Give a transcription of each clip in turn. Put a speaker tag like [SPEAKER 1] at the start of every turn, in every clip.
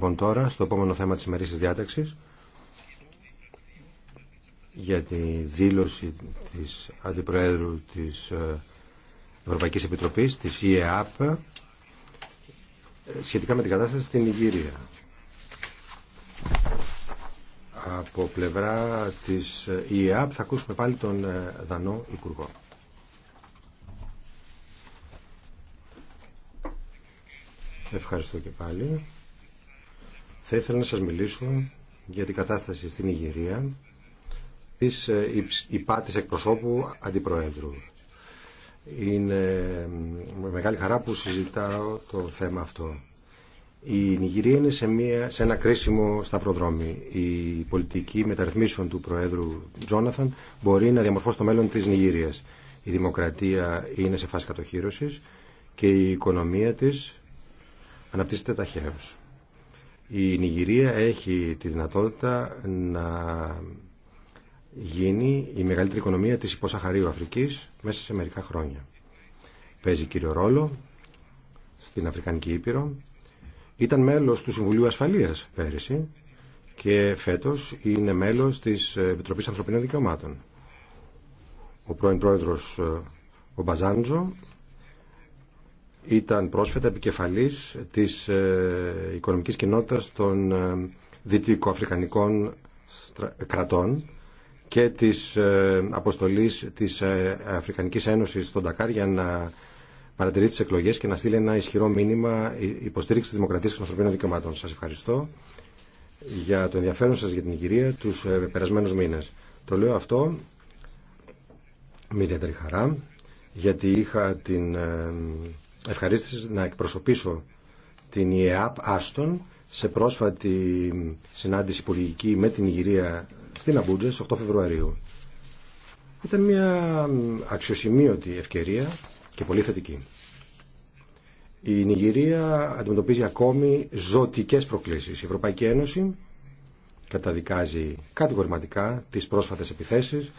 [SPEAKER 1] Λοιπόν τώρα στο επόμενο θέμα της ημερήσης διάταξης για τη δήλωση της Αντιπροέδρου της ε, Ευρωπαϊκής Επιτροπής, της ΙΕΑΠ, ε, σχετικά με την κατάσταση στην Ιγυρία. Από πλευρά της ΙΕΑΠ θα ακούσουμε πάλι τον ε, Δανό Υπουργό. Ευχαριστώ και πάλι. Θα ήθελα να σας μιλήσω για την κατάσταση στην Ιγυρία της ε, υπάτης εκπροσώπου αντιπροέδρου. Είναι με μεγάλη χαρά που συζητάω το θέμα αυτό. Η Νιγηρία είναι σε, μια, σε ένα κρίσιμο σταυροδρόμι. Η πολιτική μεταρρυθμίσεων του Προέδρου Τζόναθαν μπορεί να διαμορφώσει το μέλλον της Νιγηρίας. Η δημοκρατία είναι σε φάση κατοχήρωσης και η οικονομία της αναπτύσσεται ταχαίως. Η Νιγηρία έχει τη δυνατότητα να γίνει η μεγαλύτερη οικονομία της υποσαχαρίου Αφρικής μέσα σε μερικά χρόνια. Παίζει κύριο ρόλο στην Αφρικανική Ήπειρο. Ήταν μέλος του Συμβουλίου Ασφαλείας πέρυσι και φέτος είναι μέλος της Επιτροπής Ανθρωπίνων Δικαιωμάτων. Ο πρώην πρόεδρος ε, ο Μπαζάντζο ήταν πρόσφατα επικεφαλής της ε, οικονομικής κοινότητας των ε, δυτικοαφρικανικών κρατών και της ε, αποστολής της Αφρικανικής Ένωσης στον Τακάρ για να παρατηρεί τις εκλογές και να στείλει ένα ισχυρό μήνυμα υποστήριξη της δημοκρατίας και των ανθρωπίνων δικαιωμάτων. Σας ευχαριστώ για το ενδιαφέρον σας για την Ιγυρία τους περασμένους μήνες. Το λέω αυτό με ιδιαίτερη χαρά γιατί είχα την ευχαρίστηση να εκπροσωπήσω την ΙΕΑΠ Άστον σε πρόσφατη συνάντηση υπουργική με την Ιγυρία στην Αμπούτζα στις 8 Φεβρουαρίου. Ήταν μια αξιοσημείωτη ευκαιρία και πολύ θετική. Η Νιγηρία αντιμετωπίζει ακόμη ζωτικές προκλήσεις. Η Ευρωπαϊκή Ένωση καταδικάζει κατηγορηματικά τις πρόσφατες επιθέσεις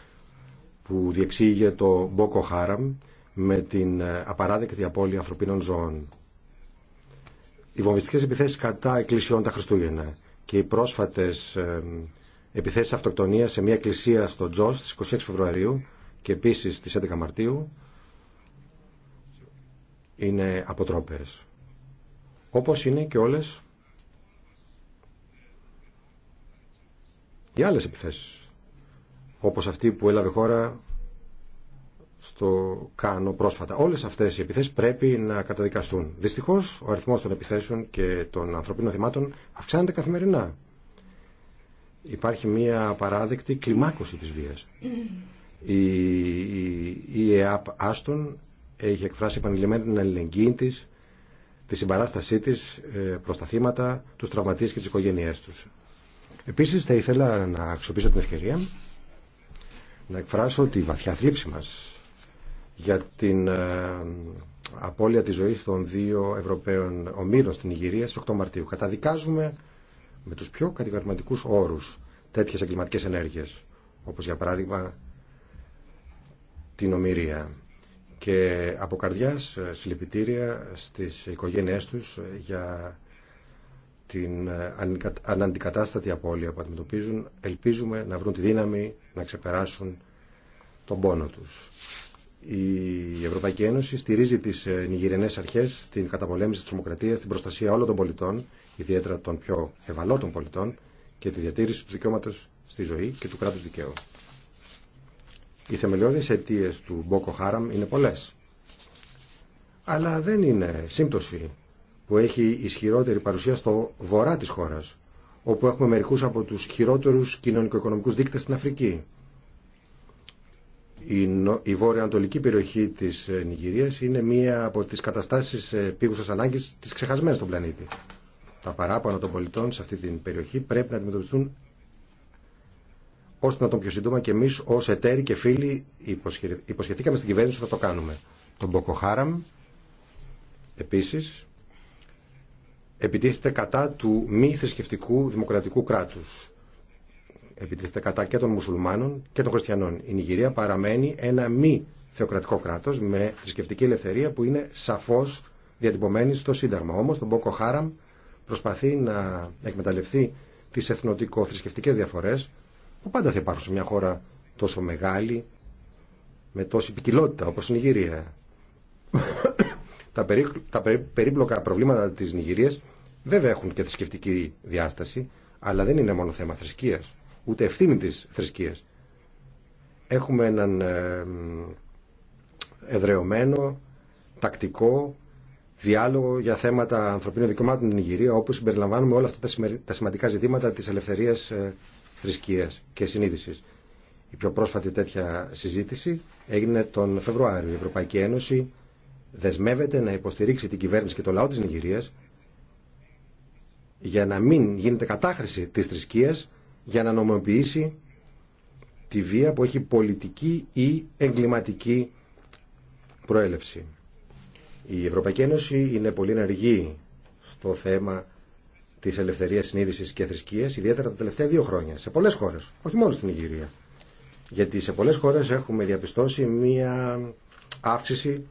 [SPEAKER 1] που διεξήγε το Μπόκο Χάραμ με την ε, απαράδεκτη απώλεια ανθρωπίνων ζώων. Οι βομβιστικές επιθέσεις κατά εκκλησιών τα Χριστούγεννα και οι πρόσφατες ε, επιθέσεις αυτοκτονίας σε μια εκκλησία στο Τζος στις 26 Φεβρουαρίου και επίσης στις 11 Μαρτίου είναι αποτρόπες. Όπως είναι και όλες οι άλλες επιθέσεις, όπως αυτή που έλαβε χώρα στο Κάνο πρόσφατα. Όλε αυτέ οι επιθέσει πρέπει να καταδικαστούν. Δυστυχώ, ο αριθμό των επιθέσεων και των ανθρωπίνων θυμάτων αυξάνεται καθημερινά. Υπάρχει μια απαράδεκτη κλιμάκωση τη βία. Η, η, η ΕΑΠ Άστον έχει εκφράσει επανειλημμένα την αλληλεγγύη τη, τη συμπαράστασή τη ε, προ τα θύματα, του τραυματίε και τι οικογένειε του. Επίση θα ήθελα να αξιοποιήσω την ευκαιρία να εκφράσω τη βαθιά θλίψη μας για την ε, απώλεια της ζωής των δύο Ευρωπαίων ομήρων στην Ιγυρία στις 8 Μαρτίου. Καταδικάζουμε με τους πιο κατηγορηματικούς όρους τέτοιες εγκληματικές ενέργειες, όπως για παράδειγμα την ομήρια. Και από καρδιάς ε, συλληπιτήρια στις οικογένειές τους ε, για την αναντικατάστατη απώλεια που αντιμετωπίζουν. Ελπίζουμε να βρουν τη δύναμη να ξεπεράσουν τον πόνο τους. Η Ευρωπαϊκή Ένωση στηρίζει τι ε, νιγηρενέ αρχέ στην καταπολέμηση τη τρομοκρατία, στην προστασία όλων των πολιτών, ιδιαίτερα των πιο ευαλώτων πολιτών και τη διατήρηση του δικαιώματο στη ζωή και του κράτου δικαίου. Οι θεμελιώδει αιτίε του Μπόκο Χάραμ είναι πολλέ. Αλλά δεν είναι σύμπτωση που έχει ισχυρότερη παρουσία στο βορρά τη χώρα, όπου έχουμε μερικού από του χειρότερου κοινωνικο-οικονομικού δείκτε στην Αφρική η βόρεια ανατολικη περιοχή της ε, Νιγηρία είναι μία από τις καταστάσεις ε, πήγουσα ανάγκη τη ξεχασμένη στον πλανήτη. Τα παράπονα των πολιτών σε αυτή την περιοχή πρέπει να αντιμετωπιστούν ώστε να τον πιο σύντομα και εμεί ω εταίροι και φίλοι υποσχεθήκαμε στην κυβέρνηση ότι θα το κάνουμε. Τον Μποκοχάραμ επίση, επιτίθεται κατά του μη θρησκευτικού δημοκρατικού κράτου επιτίθεται κατά και των μουσουλμάνων και των χριστιανών. Η Νιγηρία παραμένει ένα μη θεοκρατικό κράτο με θρησκευτική ελευθερία που είναι σαφώ διατυπωμένη στο Σύνταγμα. Όμω, τον Μπόκο Χάραμ προσπαθεί να εκμεταλλευτεί τι εθνοτικο θρησκευτικέ διαφορέ που πάντα θα υπάρχουν σε μια χώρα τόσο μεγάλη με τόση ποικιλότητα όπως η Νιγηρία. τα, περί, τα περίπλοκα προβλήματα της Νιγηρίας βέβαια έχουν και θρησκευτική διάσταση αλλά δεν είναι μόνο θέμα θρησκείας ούτε ευθύνη της θρησκείας. Έχουμε έναν ε, εδρεωμένο, τακτικό διάλογο για θέματα ανθρωπίνων δικαιωμάτων στην Ιγυρία, όπου συμπεριλαμβάνουμε όλα αυτά τα σημαντικά ζητήματα της ελευθερίας ε, θρησκείας και συνείδησης. Η πιο πρόσφατη τέτοια συζήτηση έγινε τον Φεβρουάριο. Η Ευρωπαϊκή Ένωση δεσμεύεται να υποστηρίξει την κυβέρνηση και το λαό της Νιγηρίας για να μην γίνεται κατάχρηση της θρησκείας για να νομοποιήσει τη βία που έχει πολιτική ή εγκληματική προέλευση. Η Ευρωπαϊκή Ένωση είναι πολύ ενεργή στο θέμα της ελευθερίας συνείδησης και θρησκείας, ιδιαίτερα τα τελευταία δύο χρόνια, σε πολλές χώρες, όχι μόνο στην Ιγυρία. Γιατί σε πολλές χώρες έχουμε διαπιστώσει μία αύξηση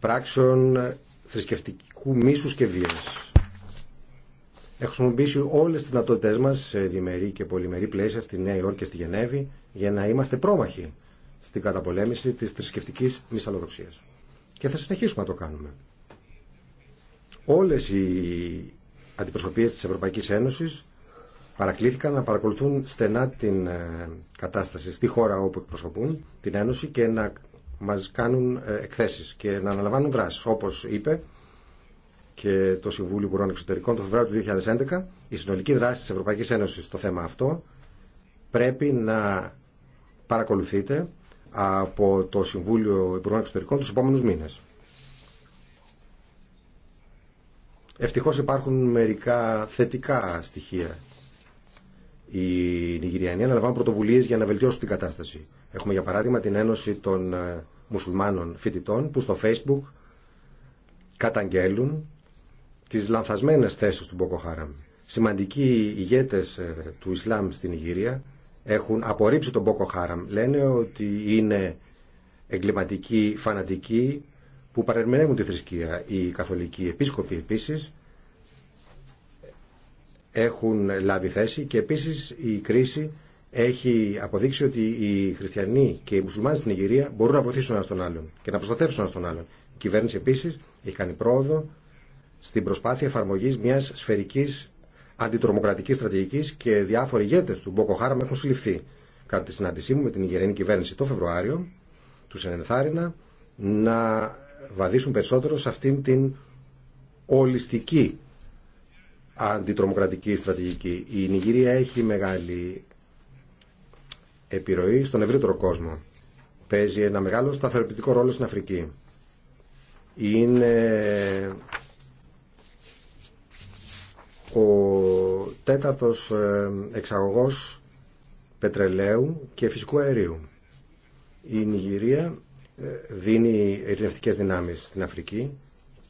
[SPEAKER 1] πράξεων θρησκευτικού μίσους και βίας. Έχουμε χρησιμοποιήσει όλες τις δυνατότητε μας σε διμερή και πολυμερή πλαίσια στη Νέα Υόρκη και στη Γενέβη για να είμαστε πρόμαχοι στην καταπολέμηση της θρησκευτική μυσαλλοδοξία. Και θα συνεχίσουμε να το κάνουμε. Όλες οι αντιπροσωπείες τη ευρωπαϊκή Ένωση παρακλήθηκαν να παρακολουθούν στενά την ε, κατάσταση στη χώρα όπου εκπροσωπούν την Ένωση και να μας κάνουν ε, εκθέσεις και να αναλαμβάνουν δράσεις. Όπως είπε, και το Συμβούλιο Υπουργών Εξωτερικών το Φεβράριο του 2011, η συνολική δράση της Ευρωπαϊκής Ένωσης στο θέμα αυτό πρέπει να παρακολουθείτε από το Συμβούλιο Υπουργών Εξωτερικών τους επόμενους μήνες. Ευτυχώς υπάρχουν μερικά θετικά στοιχεία. Οι Νιγηριανοί αναλαμβάνουν πρωτοβουλίες για να βελτιώσουν την κατάσταση. Έχουμε για παράδειγμα την Ένωση των ε, Μουσουλμάνων Φοιτητών που στο Facebook καταγγέλουν τις λανθασμένες θέσεις του Μπόκο Χάραμ. Σημαντικοί ηγέτες ε, του Ισλάμ στην Ιγυρία έχουν απορρίψει τον Μπόκο Χάραμ. Λένε ότι είναι εγκληματικοί, φανατικοί που παρερμηνεύουν τη θρησκεία. Οι καθολικοί επίσκοποι επίσης έχουν λάβει θέση και επίσης η κρίση έχει αποδείξει ότι οι χριστιανοί και οι μουσουλμάνοι στην Ιγυρία μπορούν να βοηθήσουν ένα τον άλλον και να προστατεύσουν ένα τον άλλον. Η κυβέρνηση επίσης έχει κάνει πρόοδο στην προσπάθεια εφαρμογή μιας σφαιρικής αντιτρομοκρατική στρατηγικής και διάφοροι ηγέτε του Μπόκο Χάραμ έχουν συλληφθεί. Κατά τη συνάντησή μου με την Ιγερήνη κυβέρνηση το Φεβρουάριο, του ενενθάρρυνα να βαδίσουν περισσότερο σε αυτήν την ολιστική αντιτρομοκρατική στρατηγική. Η Νιγηρία έχει μεγάλη επιρροή στον ευρύτερο κόσμο. Παίζει ένα μεγάλο σταθεροποιητικό ρόλο στην Αφρική ο τέταρτος ε, εξαγωγός πετρελαίου και φυσικού αερίου. Η Νιγηρία ε, δίνει ειρηνευτικές δυνάμεις στην Αφρική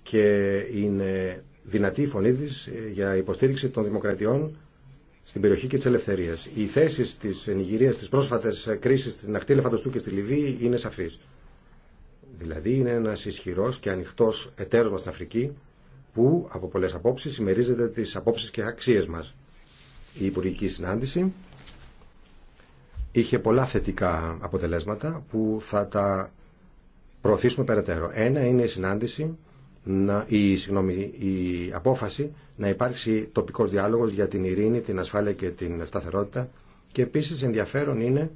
[SPEAKER 1] και είναι δυνατή η φωνή της ε, για υποστήριξη των δημοκρατιών στην περιοχή και τη ελευθερία. Οι θέσει τη Νιγηρία στι πρόσφατε κρίσει στην ακτή Λεφαντοστού και στη Λιβύη είναι σαφεί. Δηλαδή είναι ένα ισχυρό και ανοιχτό εταίρο μα στην Αφρική που από πολλές απόψεις συμμερίζεται τις απόψεις και αξίες μας. Η Υπουργική Συνάντηση είχε πολλά θετικά αποτελέσματα που θα τα προωθήσουμε περαιτέρω. Ένα είναι η συνάντηση, να, η, συγγνώμη, η απόφαση να υπάρξει τοπικός διάλογος για την ειρήνη, την ασφάλεια και την σταθερότητα και επίσης ενδιαφέρον είναι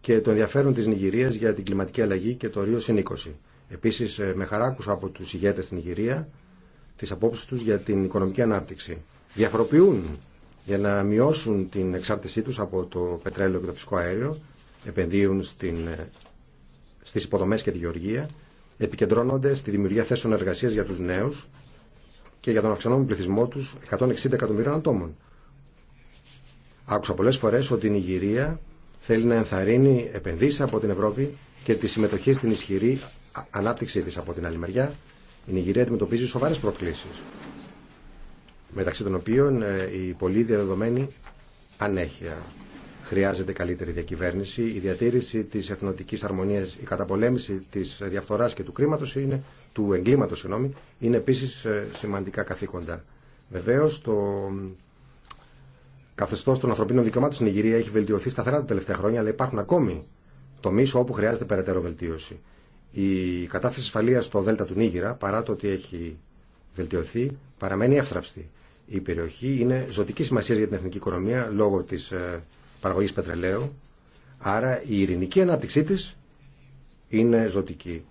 [SPEAKER 1] και το ενδιαφέρον της Νιγηρίας για την κλιματική αλλαγή και το Ρίο Συνήκωση. Επίσης ε, με χαράκου από τους ηγέτες στην Νιγηρία τις απόψεις του για την οικονομική ανάπτυξη. Διαφοροποιούν για να μειώσουν την εξάρτησή του από το πετρέλαιο και το φυσικό αέριο, επενδύουν στην, ε, στις υποδομές και τη γεωργία, επικεντρώνονται στη δημιουργία θέσεων εργασίας για τους νέους και για τον αυξανόμενο πληθυσμό τους 160 εκατομμυρίων ατόμων. Άκουσα πολλές φορές ότι η Νιγηρία θέλει να ενθαρρύνει επενδύσεις από την Ευρώπη και τη συμμετοχή στην ισχυρή ανάπτυξή της από την άλλη μεριά. Η Νιγηρία αντιμετωπίζει σοβαρέ προκλήσει, μεταξύ των οποίων ε, η πολύ διαδεδομένη ανέχεια. Χρειάζεται καλύτερη διακυβέρνηση, η διατήρηση τη εθνοτική αρμονία, η καταπολέμηση τη διαφθοράς και του, κρίματο είναι, του εγκλήματος συγγνώμη, είναι επίσης ε, σημαντικά καθήκοντα. Βεβαίω, το καθεστώ των ανθρωπίνων δικαιωμάτων στην Ιγυρία έχει βελτιωθεί σταθερά τα τελευταία χρόνια, αλλά υπάρχουν ακόμη τομεί όπου χρειάζεται περαιτέρω βελτίωση. Η κατάσταση ασφαλεία στο Δέλτα του Νίγηρα, παρά το ότι έχει βελτιωθεί, παραμένει εύθραυστη. Η περιοχή είναι ζωτική σημασία για την εθνική οικονομία λόγω τη ε, παραγωγή πετρελαίου, άρα η ειρηνική ανάπτυξή τη είναι ζωτική.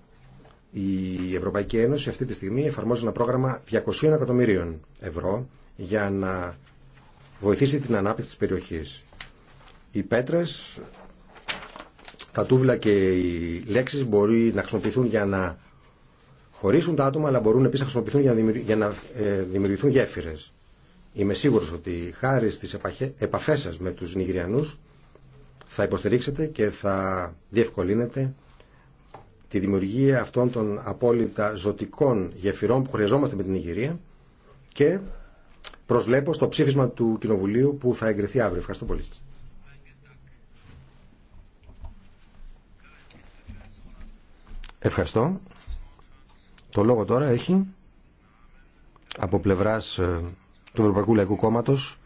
[SPEAKER 1] Η Ευρωπαϊκή Ένωση αυτή τη στιγμή εφαρμόζει ένα πρόγραμμα 200 εκατομμυρίων ευρώ για να βοηθήσει την ανάπτυξη της περιοχής. Οι πέτρες τα τούβλα και οι λέξεις μπορεί να χρησιμοποιηθούν για να χωρίσουν τα άτομα, αλλά μπορούν επίσης να χρησιμοποιηθούν για να ε, δημιουργηθούν γέφυρες. Είμαι σίγουρος ότι χάρη στις επαφές σας με τους Νιγηριανούς θα υποστηρίξετε και θα διευκολύνετε τη δημιουργία αυτών των απόλυτα ζωτικών γεφυρών που χρειαζόμαστε με την Νιγηρία και προσβλέπω στο ψήφισμα του Κοινοβουλίου που θα εγκριθεί αύριο. Ευχαριστώ πολύ. Ευχαριστώ. Το λόγο τώρα έχει από πλευράς ε, του Ευρωπαϊκού Λαϊκού Κόμματος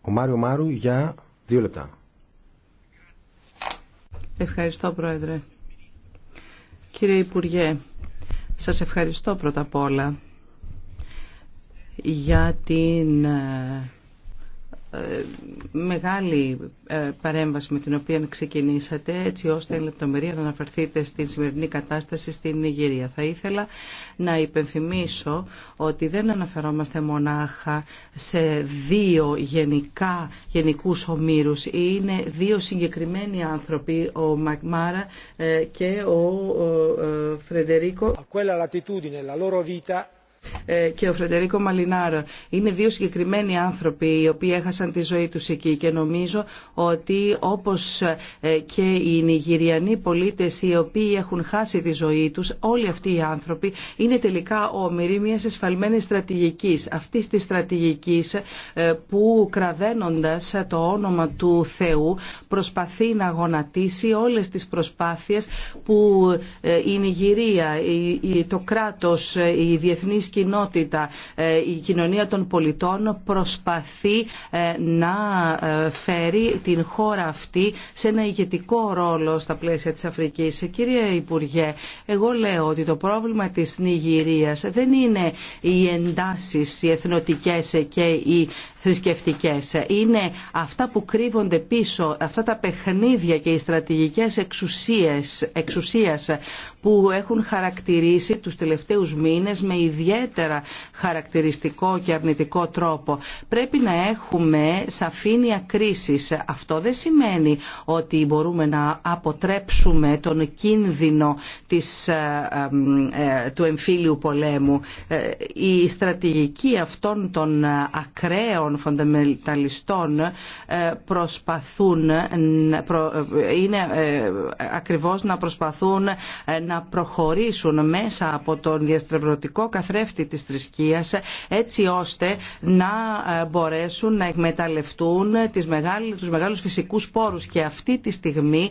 [SPEAKER 1] ο Μάριο Μάρου για δύο λεπτά.
[SPEAKER 2] Ευχαριστώ Πρόεδρε. Κύριε Υπουργέ, σας ευχαριστώ πρώτα απ' όλα για την ε, ε, μεγάλη ε, παρέμβαση με την οποία ξεκινήσατε έτσι ώστε η λεπτομερία να αναφερθείτε στην σημερινή κατάσταση στην Ιγυρία. Θα ήθελα να υπενθυμίσω ότι δεν αναφερόμαστε μονάχα σε δύο γενικά, γενικούς ομήρους. Είναι δύο συγκεκριμένοι άνθρωποι, ο Μακμάρα ε, και ο Φρεντερίκο. A quella latitudine ε, και ο Φρεντερίκο Μαλινάρο. Είναι δύο συγκεκριμένοι άνθρωποι οι οποίοι έχασαν τη ζωή τους εκεί και νομίζω ότι όπως ε, και οι Νιγηριανοί πολίτες οι οποίοι έχουν χάσει τη ζωή τους, όλοι αυτοί οι άνθρωποι είναι τελικά όμοιροι μιας εσφαλμένης στρατηγικής, αυτής της στρατηγικής ε, που κραδένοντας το όνομα του Θεού προσπαθεί να γονατίσει όλες τις προσπάθειες που η Νιγηρία, το κράτος, η διεθνής κοινότητα. Ε, η κοινωνία των πολιτών προσπαθεί ε, να ε, φέρει την χώρα αυτή σε ένα ηγετικό ρόλο στα πλαίσια της Αφρικής. Κύριε Υπουργέ, εγώ λέω ότι το πρόβλημα της Νιγηρίας δεν είναι οι εντάσεις, οι εθνοτικές και οι θρησκευτικές. Είναι αυτά που κρύβονται πίσω, αυτά τα παιχνίδια και οι στρατηγικές εξουσίες, που έχουν χαρακτηρίσει τους τελευταίους μήνες με ιδιαίτερα χαρακτηριστικό και αρνητικό τρόπο. Πρέπει να έχουμε σαφήνεια κρίσης. Αυτό δεν σημαίνει ότι μπορούμε να αποτρέψουμε τον κίνδυνο της, ε, ε, ε, του εμφύλιου πολέμου. Η στρατηγική αυτών των ακραίων των ε, προσπαθούν, ε, είναι ε, ακριβώς να προσπαθούν να προχωρήσουν μέσα από τον διαστρεβλωτικό καθρέφτη της θρησκείας έτσι ώστε να μπορέσουν να εκμεταλλευτούν τις μεγάλες, τους μεγάλους φυσικούς πόρους και αυτή τη στιγμή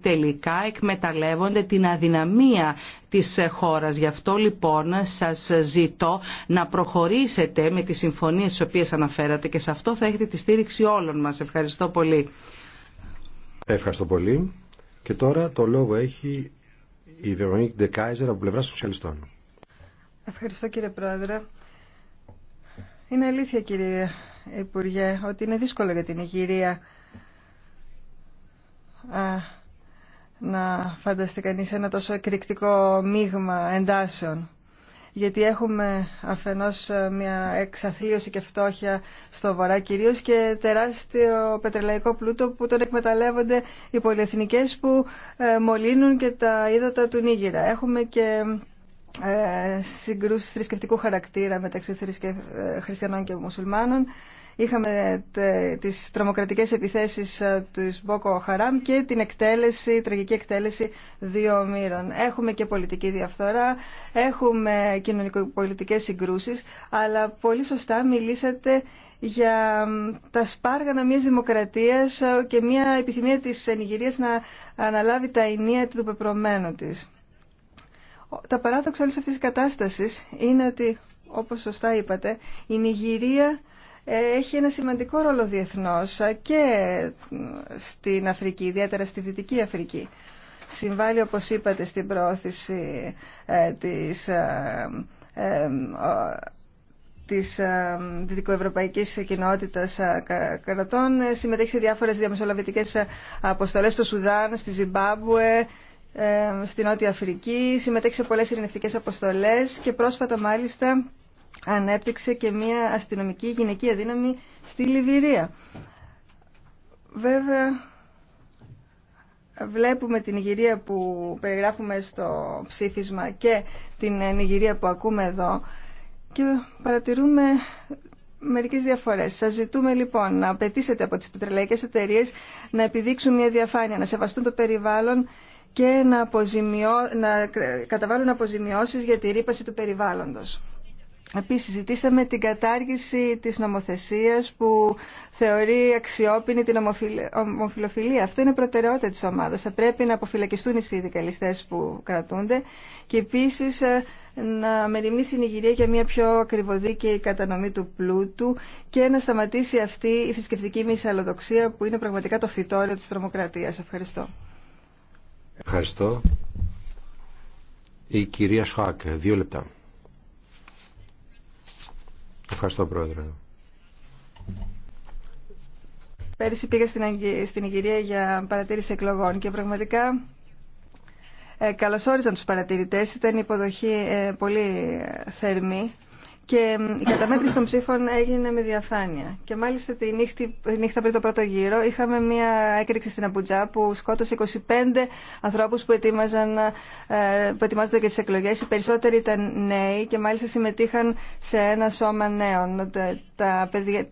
[SPEAKER 2] τελικά εκμεταλλεύονται την αδυναμία της χώρας. Γι' αυτό λοιπόν σας ζητώ να προχωρήσετε με τις συμφωνίες τις οποίες αναφέρατε και σε αυτό θα έχετε τη στήριξη όλων μας. Ευχαριστώ πολύ.
[SPEAKER 1] Ευχαριστώ πολύ. Και τώρα το λόγο έχει η Βερονίκ Ντεκάιζερ από πλευρά Σοσιαλιστών.
[SPEAKER 3] Ευχαριστώ κύριε Πρόεδρε. Είναι αλήθεια κύριε Υπουργέ ότι είναι δύσκολο για την Ιγυρία να φανταστεί κανείς ένα τόσο εκρηκτικό μείγμα εντάσεων. Γιατί έχουμε αφενός ε, μια εξαθλίωση και φτώχεια στο βορρά κυρίως και τεράστιο πετρελαϊκό πλούτο που τον εκμεταλλεύονται οι πολυεθνικές που ε, μολύνουν και τα ύδατα του Νίγηρα. Έχουμε και ε, συγκρούσεις θρησκευτικού χαρακτήρα μεταξύ ε, χριστιανών και μουσουλμάνων. Είχαμε τις τρομοκρατικές επιθέσεις ε, του Ισμπόκο Χαράμ και την εκτέλεση, τραγική εκτέλεση δύο μύρων. Έχουμε και πολιτική διαφθορά, έχουμε κοινωνικοπολιτικές συγκρούσεις, αλλά πολύ σωστά μιλήσατε για τα σπάργανα μιας δημοκρατίας και μια επιθυμία της Νιγηρίας να αναλάβει τα ενία του πεπρωμένου της. Τα παράδοξα όλης αυτής της κατάστασης είναι ότι, όπως σωστά είπατε, η Νιγηρία ε, έχει ένα σημαντικό ρόλο διεθνώς ε, και στην Αφρική, ιδιαίτερα στη Δυτική Αφρική. Συμβάλλει, όπως είπατε, στην προώθηση ε, της της δυτικοευρωπαϊκής κοινότητας κρατών. Συμμετέχει σε διάφορες διαμεσολαβητικές αποστολές στο Σουδάν, στη Ζιμπάμπουε, ε, στη Νότια Αφρική, συμμετέχει σε πολλές ειρηνευτικές αποστολές και πρόσφατα μάλιστα ανέπτυξε και μια αστυνομική γυναική δύναμη στη Λιβυρία. Βέβαια, βλέπουμε την Ιγυρία που περιγράφουμε στο ψήφισμα και την Ιγυρία που ακούμε εδώ και παρατηρούμε μερικές διαφορές. Σας ζητούμε λοιπόν να απαιτήσετε από τις πετρελαϊκές εταιρείες να επιδείξουν μια διαφάνεια, να σεβαστούν το περιβάλλον και να, αποζημιώ, να καταβάλουν αποζημιώσεις για τη ρήπαση του περιβάλλοντος. Επίσης, ζητήσαμε την κατάργηση της νομοθεσίας που θεωρεί αξιόπινη την ομοφιλοφιλία. Αυτό είναι προτεραιότητα της ομάδας. Θα πρέπει να αποφυλακιστούν οι συνδικαλιστές που κρατούνται και επίσης ε, να μεριμνήσει η Νιγηρία για μια πιο ακριβοδίκαιη κατανομή του πλούτου και να σταματήσει αυτή η θρησκευτική μυσαλλοδοξία που είναι πραγματικά το φυτόριο της τρομοκρατίας. Ευχαριστώ.
[SPEAKER 1] Ευχαριστώ. Η κυρία Σχάκ, δύο λεπτά. Ευχαριστώ, Πρόεδρε.
[SPEAKER 3] Πέρυσι πήγα στην, στην για παρατήρηση εκλογών και πραγματικά ε, καλωσόριζαν τους παρατηρητές. Ήταν υποδοχή ε, πολύ θερμή και η καταμέτρηση των ψήφων έγινε με διαφάνεια. Και μάλιστα τη νύχτα πριν το πρώτο γύρο είχαμε μια έκρηξη στην Αμπουτζά που σκότωσε 25 ανθρώπους που, ετοιμάζονταν ε, που ετοιμάζονται για τις εκλογές. Οι περισσότεροι ήταν νέοι και μάλιστα συμμετείχαν σε ένα σώμα νέων. Τα παιδιά,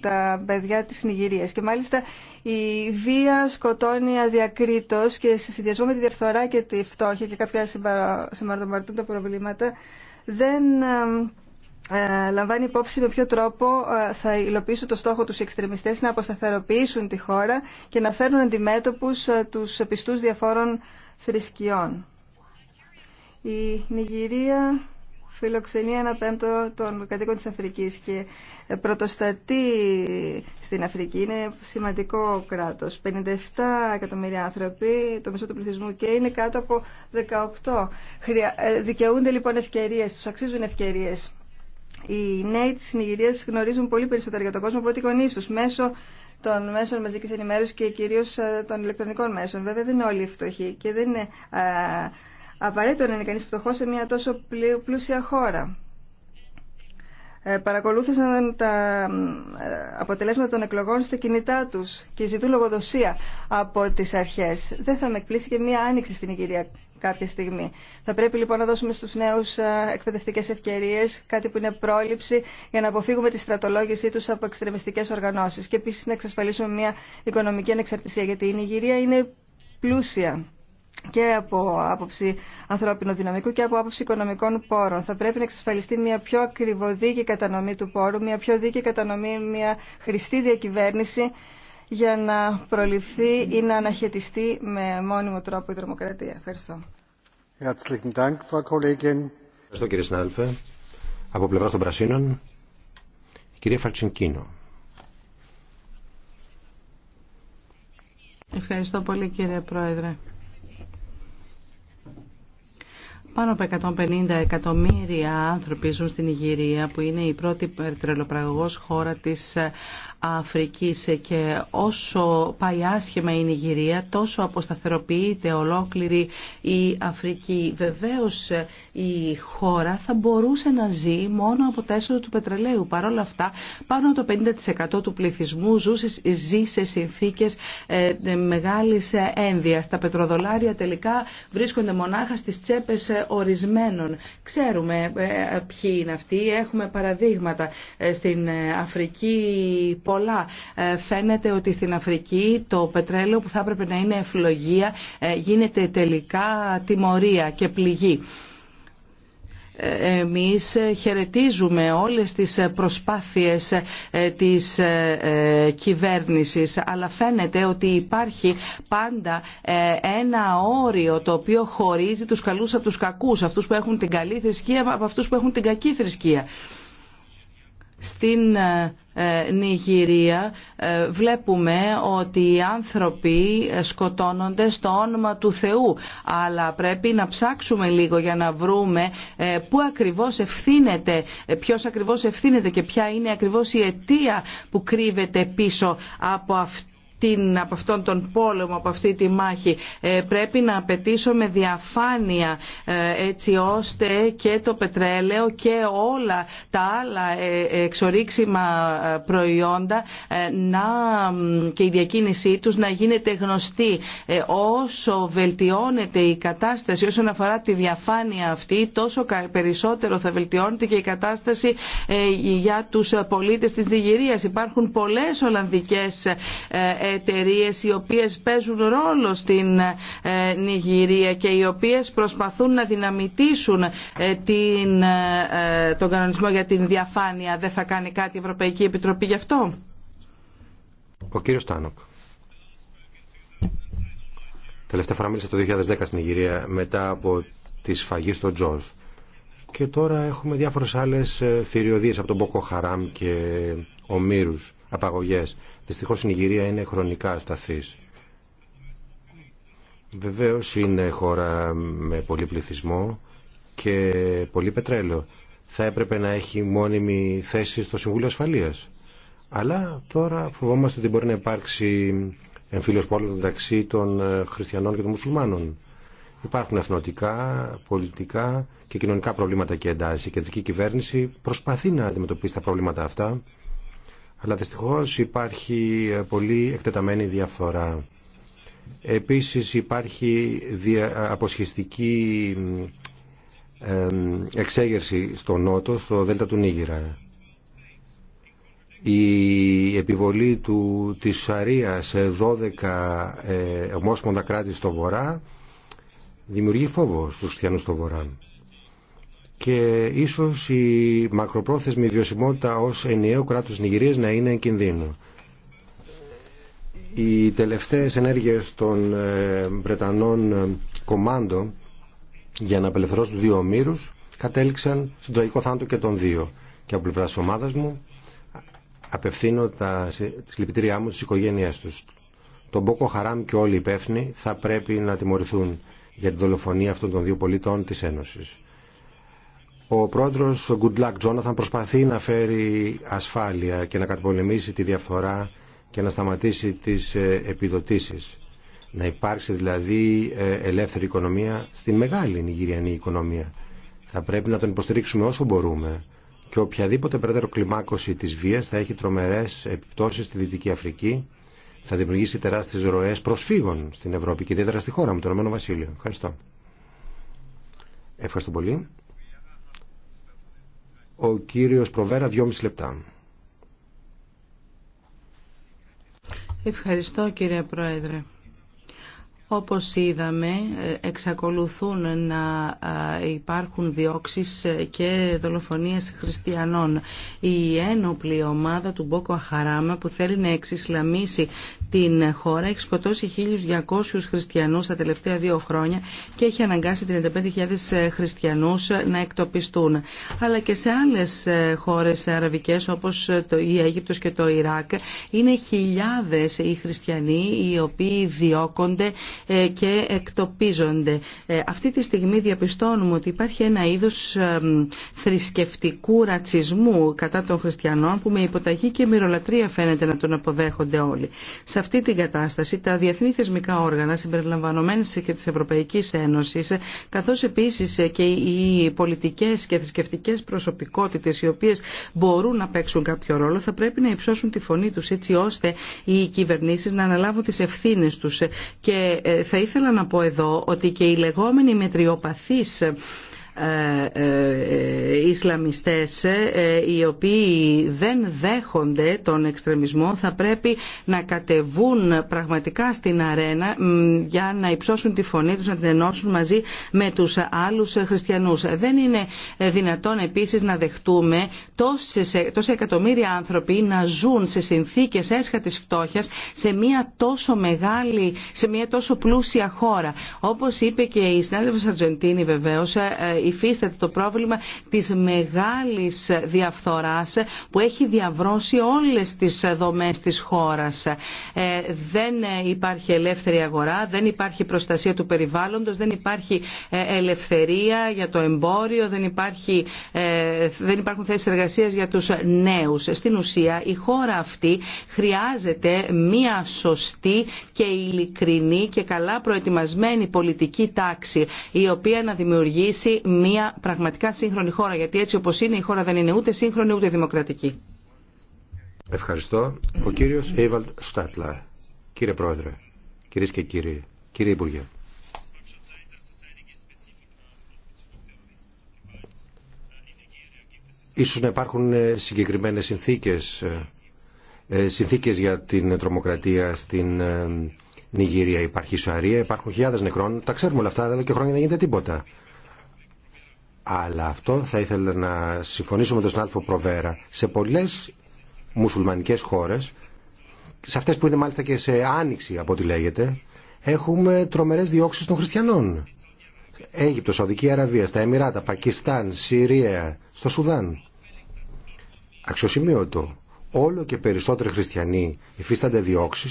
[SPEAKER 3] τα παιδιά της Νιγηρίας. Και μάλιστα η βία σκοτώνει αδιακρίτως και σε συνδυασμό με τη διαφθορά και τη φτώχεια και κάποια τα προβλήματα δεν ε, ε, λαμβάνει υπόψη με ποιο τρόπο ε, θα υλοποιήσουν το στόχο τους οι εξτρεμιστές να αποσταθεροποιήσουν τη χώρα και να φέρουν αντιμέτωπους ε, τους πιστούς διαφόρων θρησκειών. Η Νιγηρία φιλοξενεί ένα πέμπτο των κατοίκων της Αφρικής και πρωτοστατεί στην Αφρική. Είναι σημαντικό κράτος. 57 εκατομμύρια άνθρωποι, το μισό του πληθυσμού και είναι κάτω από 18. Δικαιούνται λοιπόν ευκαιρίες, τους αξίζουν ευκαιρίες οι νέοι της Νιγηρίας γνωρίζουν πολύ περισσότερο για τον κόσμο από ό,τι γονείς τους μέσω των μέσων μαζικής ενημέρωσης και κυρίως ε, των ηλεκτρονικών μέσων. Βέβαια δεν είναι όλοι φτωχοί και δεν είναι απαραίτητο να είναι κανείς φτωχός σε μια τόσο πλούσια χώρα. Ε, παρακολούθησαν τα ε, αποτελέσματα των εκλογών στα κινητά τους και ζητούν λογοδοσία από τις αρχές. Δεν θα με εκπλήσει και μια άνοιξη στην Ιγυρία κάποια στιγμή. Θα πρέπει λοιπόν να δώσουμε στους νέους εκπαιδευτικές ευκαιρίες, κάτι που είναι πρόληψη, για να αποφύγουμε τη στρατολόγησή τους από εξτρεμιστικές οργανώσεις και επίσης να εξασφαλίσουμε μια οικονομική ανεξαρτησία, γιατί η Νιγηρία είναι πλούσια και από άποψη ανθρώπινο δυναμικού και από άποψη οικονομικών πόρων. Θα πρέπει να εξασφαλιστεί μια πιο ακριβοδίκη κατανομή του πόρου, μια πιο δίκη κατανομή, μια χρηστή διακυβέρνηση για να προληφθεί ή να αναχαιτιστεί με μόνιμο τρόπο η τρομοκρατία. Ευχαριστώ.
[SPEAKER 1] Ευχαριστώ κύριε συνάδελφε. Από πλευρά των Πρασίνων, η κυρία Φαρτσινκίνο.
[SPEAKER 2] Ευχαριστώ πολύ κύριε Πρόεδρε. Πάνω από 150 εκατομμύρια άνθρωποι ζουν στην Ιγυρία που είναι η πρώτη τρελοπραγωγός χώρα της Αφρικής και όσο πάει άσχημα η Νιγηρία τόσο αποσταθεροποιείται ολόκληρη η Αφρική. Βεβαίως η χώρα θα μπορούσε να ζει μόνο από τα έσοδα του πετρελαίου. Παρ' όλα αυτά πάνω από το 50% του πληθυσμού ζούσε, ζει σε συνθήκες ε, ε, μεγάλης ένδυας. Τα πετροδολάρια τελικά βρίσκονται μονάχα στις τσέπες ε, ορισμένων. Ξέρουμε ποιοι είναι αυτοί, έχουμε παραδείγματα στην Αφρική πολλά. Ε, φαίνεται ότι στην Αφρική το πετρέλαιο που θα έπρεπε να είναι ευλογία ε, γίνεται τελικά τιμωρία και πληγή ε, εμείς χαιρετίζουμε όλες τις προσπάθειες της κυβέρνησης αλλά φαίνεται ότι υπάρχει πάντα ένα όριο το οποίο χωρίζει τους καλούς από τους κακούς αυτούς που έχουν την καλή θρησκεία από αυτούς που έχουν την κακή θρησκεία. Στην ε, ε, Νιγηρία ε, βλέπουμε ότι οι άνθρωποι σκοτώνονται στο όνομα του Θεού αλλά πρέπει να ψάξουμε λίγο για να βρούμε πού ακριβώς ευθύνεται, ποιος ακριβώς ευθύνεται και ποια είναι ακριβώς η αιτία που κρύβεται πίσω από αυτή την, από αυτόν τον πόλεμο, από αυτή τη μάχη. Ε, πρέπει να απαιτήσουμε διαφάνεια ε, έτσι ώστε και το πετρέλαιο και όλα τα άλλα ε, εξορίξιμα προϊόντα να, και η διακίνησή τους να γίνεται γνωστή. όσο βελτιώνεται η κατάσταση όσον αφορά τη διαφάνεια αυτή, τόσο περισσότερο θα βελτιώνεται και η κατάσταση για τους πολίτες της Διγυρίας. Υπάρχουν πολλές Ολλανδικές εταιρείε οι οποίες παίζουν ρόλο στην ε, Νιγηρία και οι οποίες προσπαθούν να δυναμητήσουν ε, την, ε, τον κανονισμό για την διαφάνεια. Δεν θα κάνει κάτι η Ευρωπαϊκή Επιτροπή γι' αυτό.
[SPEAKER 1] Ο κύριος Τάνοκ. Τελευταία φορά μίλησα το 2010 στην Νιγηρία μετά από τη σφαγή στο Τζοζ. Και τώρα έχουμε διάφορες άλλες θηριωδίες από τον Μποκο Χαράμ και ομήρους, απαγωγές. Δυστυχώ η Νιγηρία είναι χρονικά ασταθή. Βεβαίω είναι χώρα με πολύ πληθυσμό και πολύ πετρέλαιο. Θα έπρεπε να έχει μόνιμη θέση στο Συμβούλιο ασφαλεία. Αλλά τώρα φοβόμαστε ότι μπορεί να υπάρξει εμφύλιο πόλεμο μεταξύ των ε, χριστιανών και των μουσουλμάνων. Υπάρχουν εθνοτικά, πολιτικά και κοινωνικά προβλήματα και εντάσει. Η κεντρική κυβέρνηση προσπαθεί να αντιμετωπίσει τα προβλήματα αυτά αλλά δυστυχώς υπάρχει ε, πολύ εκτεταμένη διαφθορά. Επίσης υπάρχει ε, αποσχιστική ε, εξέγερση στο Νότο, στο Δέλτα του Νίγηρα. Η επιβολή του, της Σαρία σε 12 ε, ομόσπονδα κράτη στο Βορρά δημιουργεί φόβο στους χριστιανούς στο Βορρά και ίσως η μακροπρόθεσμη βιωσιμότητα ως ενιαίο κράτος Νιγηρίας να είναι κινδύνο. Οι τελευταίες ενέργειες των ε, Βρετανών ε, κομμάντων για να απελευθερώσουν τους δύο ομήρους κατέληξαν στον τραγικό θάνατο και των δύο. Και από πλευρά της ομάδας μου απευθύνω τα συλληπιτήριά μου στις οικογένειές τους. Τον Μπόκο Χαράμ και όλοι οι υπεύθυνοι θα πρέπει να τιμωρηθούν για την δολοφονία αυτών των δύο πολιτών της Ένωσης. Ο πρόεδρος Goodluck Τζόναθαν προσπαθεί να φέρει ασφάλεια και να καταπολεμήσει τη διαφθορά και να σταματήσει τις ε, επιδοτήσεις. Να υπάρξει δηλαδή ε, ελεύθερη οικονομία στην μεγάλη νιγηριανή οικονομία. Θα πρέπει να τον υποστηρίξουμε όσο μπορούμε και οποιαδήποτε περαιτέρω κλιμάκωση της βίας θα έχει τρομερές επιπτώσεις στη Δυτική Αφρική, θα δημιουργήσει τεράστιες ροές προσφύγων στην Ευρώπη και ιδιαίτερα στη χώρα μου, το Ρωμένο Βασίλειο. Ευχαριστώ. Ευχαριστώ πολύ. Ο κύριος Προβέρα, δυόμιση λεπτά.
[SPEAKER 2] Ευχαριστώ κύριε Πρόεδρε. Όπως είδαμε, εξακολουθούν να υπάρχουν διώξεις και δολοφονίες χριστιανών. Η ένοπλη ομάδα του Μπόκο Αχαράμα που θέλει να εξισλαμίσει την χώρα έχει σκοτώσει 1.200 χριστιανούς τα τελευταία δύο χρόνια και έχει αναγκάσει 35.000 ε, χριστιανούς να εκτοπιστούν. Αλλά και σε άλλες ε, χώρες αραβικές όπως ε, η Αίγυπτος και το Ιράκ είναι χιλιάδες οι χριστιανοί οι οποίοι διώκονται ε, και εκτοπίζονται. Ε, αυτή τη στιγμή διαπιστώνουμε ότι υπάρχει ένα είδος θρησκευτικού ρατσισμού κατά των χριστιανών που με υποταγή και μυρολατρία φαίνεται να τον αποδέχονται όλοι. Σε αυτή την κατάσταση τα διεθνή θεσμικά όργανα συμπεριλαμβανομένες και της Ευρωπαϊκής Ένωσης καθώς επίσης και οι πολιτικές και θρησκευτικέ προσωπικότητες οι οποίες μπορούν να παίξουν κάποιο ρόλο θα πρέπει να υψώσουν τη φωνή τους έτσι ώστε οι κυβερνήσεις να αναλάβουν τις ευθύνες τους και ε, θα ήθελα να πω εδώ ότι και οι λεγόμενοι μετριοπαθείς Ισλαμιστές ε, οι οποίοι δεν δέχονται τον εξτρεμισμό θα πρέπει να κατεβούν πραγματικά στην αρένα για να υψώσουν τη φωνή τους, να την ενώσουν μαζί με τους άλλους χριστιανούς. Δεν είναι δυνατόν επίσης να δεχτούμε τόσες, τόσα εκατομμύρια άνθρωποι να ζουν σε συνθήκες έσχατης φτώχειας σε μια τόσο μεγάλη, σε μια τόσο πλούσια χώρα. Όπως είπε και η συνάδελφος Αργεντίνη βεβαίως, ε, υφίσταται το πρόβλημα της μεγάλης διαφθοράς που έχει διαβρώσει όλες τις δομές της χώρας. Ε, δεν υπάρχει ελεύθερη αγορά, δεν υπάρχει προστασία του περιβάλλοντος, δεν υπάρχει ε, ελευθερία για το εμπόριο, δεν, υπάρχει, ε, δεν υπάρχουν θέσεις εργασίας για τους νέους. Στην ουσία η χώρα αυτή χρειάζεται μία σωστή και ειλικρινή και καλά προετοιμασμένη πολιτική τάξη η οποία να δημιουργήσει μια πραγματικά σύγχρονη χώρα, γιατί έτσι όπως είναι η χώρα δεν είναι ούτε σύγχρονη ούτε δημοκρατική.
[SPEAKER 1] Ευχαριστώ. Ο κύριος Εύαλτ Στάτλα. Κύριε Πρόεδρε, κυρίες και κύριοι, κύριε Υπουργέ. Ίσως να υπάρχουν ε, συγκεκριμένες συνθήκες, ε, ε, συνθήκες για την τρομοκρατία στην Νιγηρία. Υπάρχει Σαρία, υπάρχουν χιλιάδες νεκρών. Τα ξέρουμε όλα αυτά, εδώ και χρόνια δεν γίνεται τίποτα. Αλλά αυτό θα ήθελα να συμφωνήσω με τον Σνάλφο Προβέρα. Σε πολλές μουσουλμανικές χώρες, σε αυτές που είναι μάλιστα και σε άνοιξη από ό,τι λέγεται, έχουμε τρομερές διώξεις των χριστιανών. Αίγυπτο, Σαουδική Αραβία, στα Εμμυράτα, Πακιστάν, Συρία, στο Σουδάν. Αξιοσημείωτο. Όλο και περισσότεροι χριστιανοί υφίστανται διώξει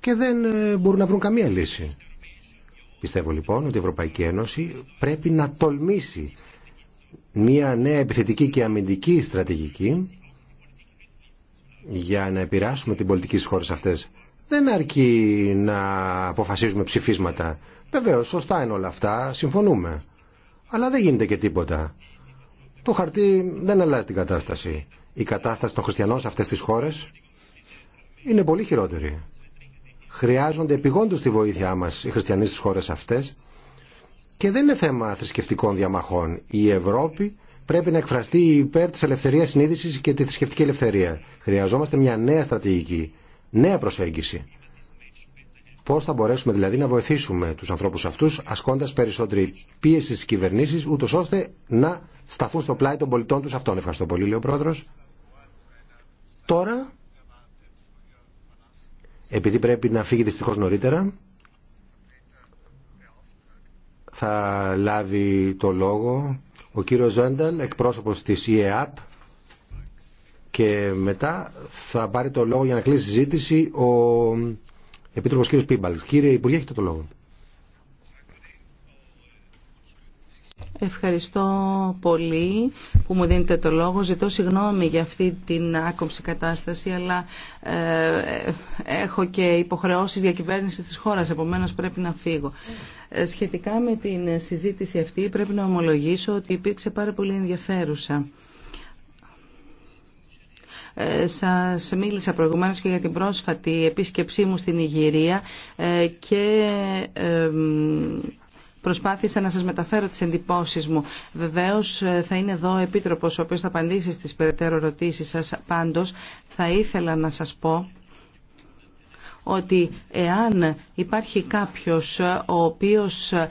[SPEAKER 1] και δεν ε, μπορούν να βρουν καμία λύση. Πιστεύω λοιπόν ότι η Ευρωπαϊκή Ένωση πρέπει να τολμήσει μια νέα επιθετική και αμυντική στρατηγική για να επηρεάσουμε την πολιτική στις χώρες αυτές. Δεν αρκεί να αποφασίζουμε ψηφίσματα. Βεβαίως, σωστά είναι όλα αυτά, συμφωνούμε. Αλλά δεν γίνεται και τίποτα. Το χαρτί δεν αλλάζει την κατάσταση. Η κατάσταση των χριστιανών σε αυτές τις χώρες είναι πολύ χειρότερη χρειάζονται επιγόντω τη βοήθειά μα οι χριστιανοί στι χώρε αυτέ και δεν είναι θέμα θρησκευτικών διαμαχών. Η Ευρώπη πρέπει να εκφραστεί υπέρ τη ελευθερία συνείδησης και τη θρησκευτική ελευθερία. Χρειαζόμαστε μια νέα στρατηγική, νέα προσέγγιση. Πώ θα μπορέσουμε δηλαδή να βοηθήσουμε του ανθρώπου αυτού, ασκώντα περισσότερη πίεση στι κυβερνήσει, ούτω ώστε να σταθούν στο πλάι των πολιτών του αυτών. Ευχαριστώ πολύ, λέει ο πρόεδρο. Τώρα επειδή πρέπει να φύγει δυστυχώς νωρίτερα, θα λάβει το λόγο ο κύριος Ζένταλ, εκπρόσωπος της ΙΕΑΠ, και μετά θα πάρει το λόγο για να κλείσει συζήτηση ο Επίτροπος κύριος Πίμπαλ. Κύριε Υπουργέ, έχετε το λόγο.
[SPEAKER 2] Ευχαριστώ πολύ που μου δίνετε το λόγο. Ζητώ συγγνώμη για αυτή την άκομψη κατάσταση, αλλά ε, ε έχω και υποχρεώσεις κυβέρνηση της χώρας, επομένως πρέπει να φύγω. Ε, σχετικά με την συζήτηση αυτή πρέπει να ομολογήσω ότι υπήρξε πάρα πολύ ενδιαφέρουσα. Ε, σας μίλησα προηγουμένως και για την πρόσφατη επίσκεψή μου στην Ιγυρία και Προσπάθησα να σας μεταφέρω τις εντυπώσεις μου. Βεβαίως ε, θα είναι εδώ ο Επίτροπος ο οποίος θα απαντήσει στις περαιτέρω ερωτήσεις σας. Πάντως θα ήθελα να σας πω ότι εάν υπάρχει κάποιος ο οποίος ε,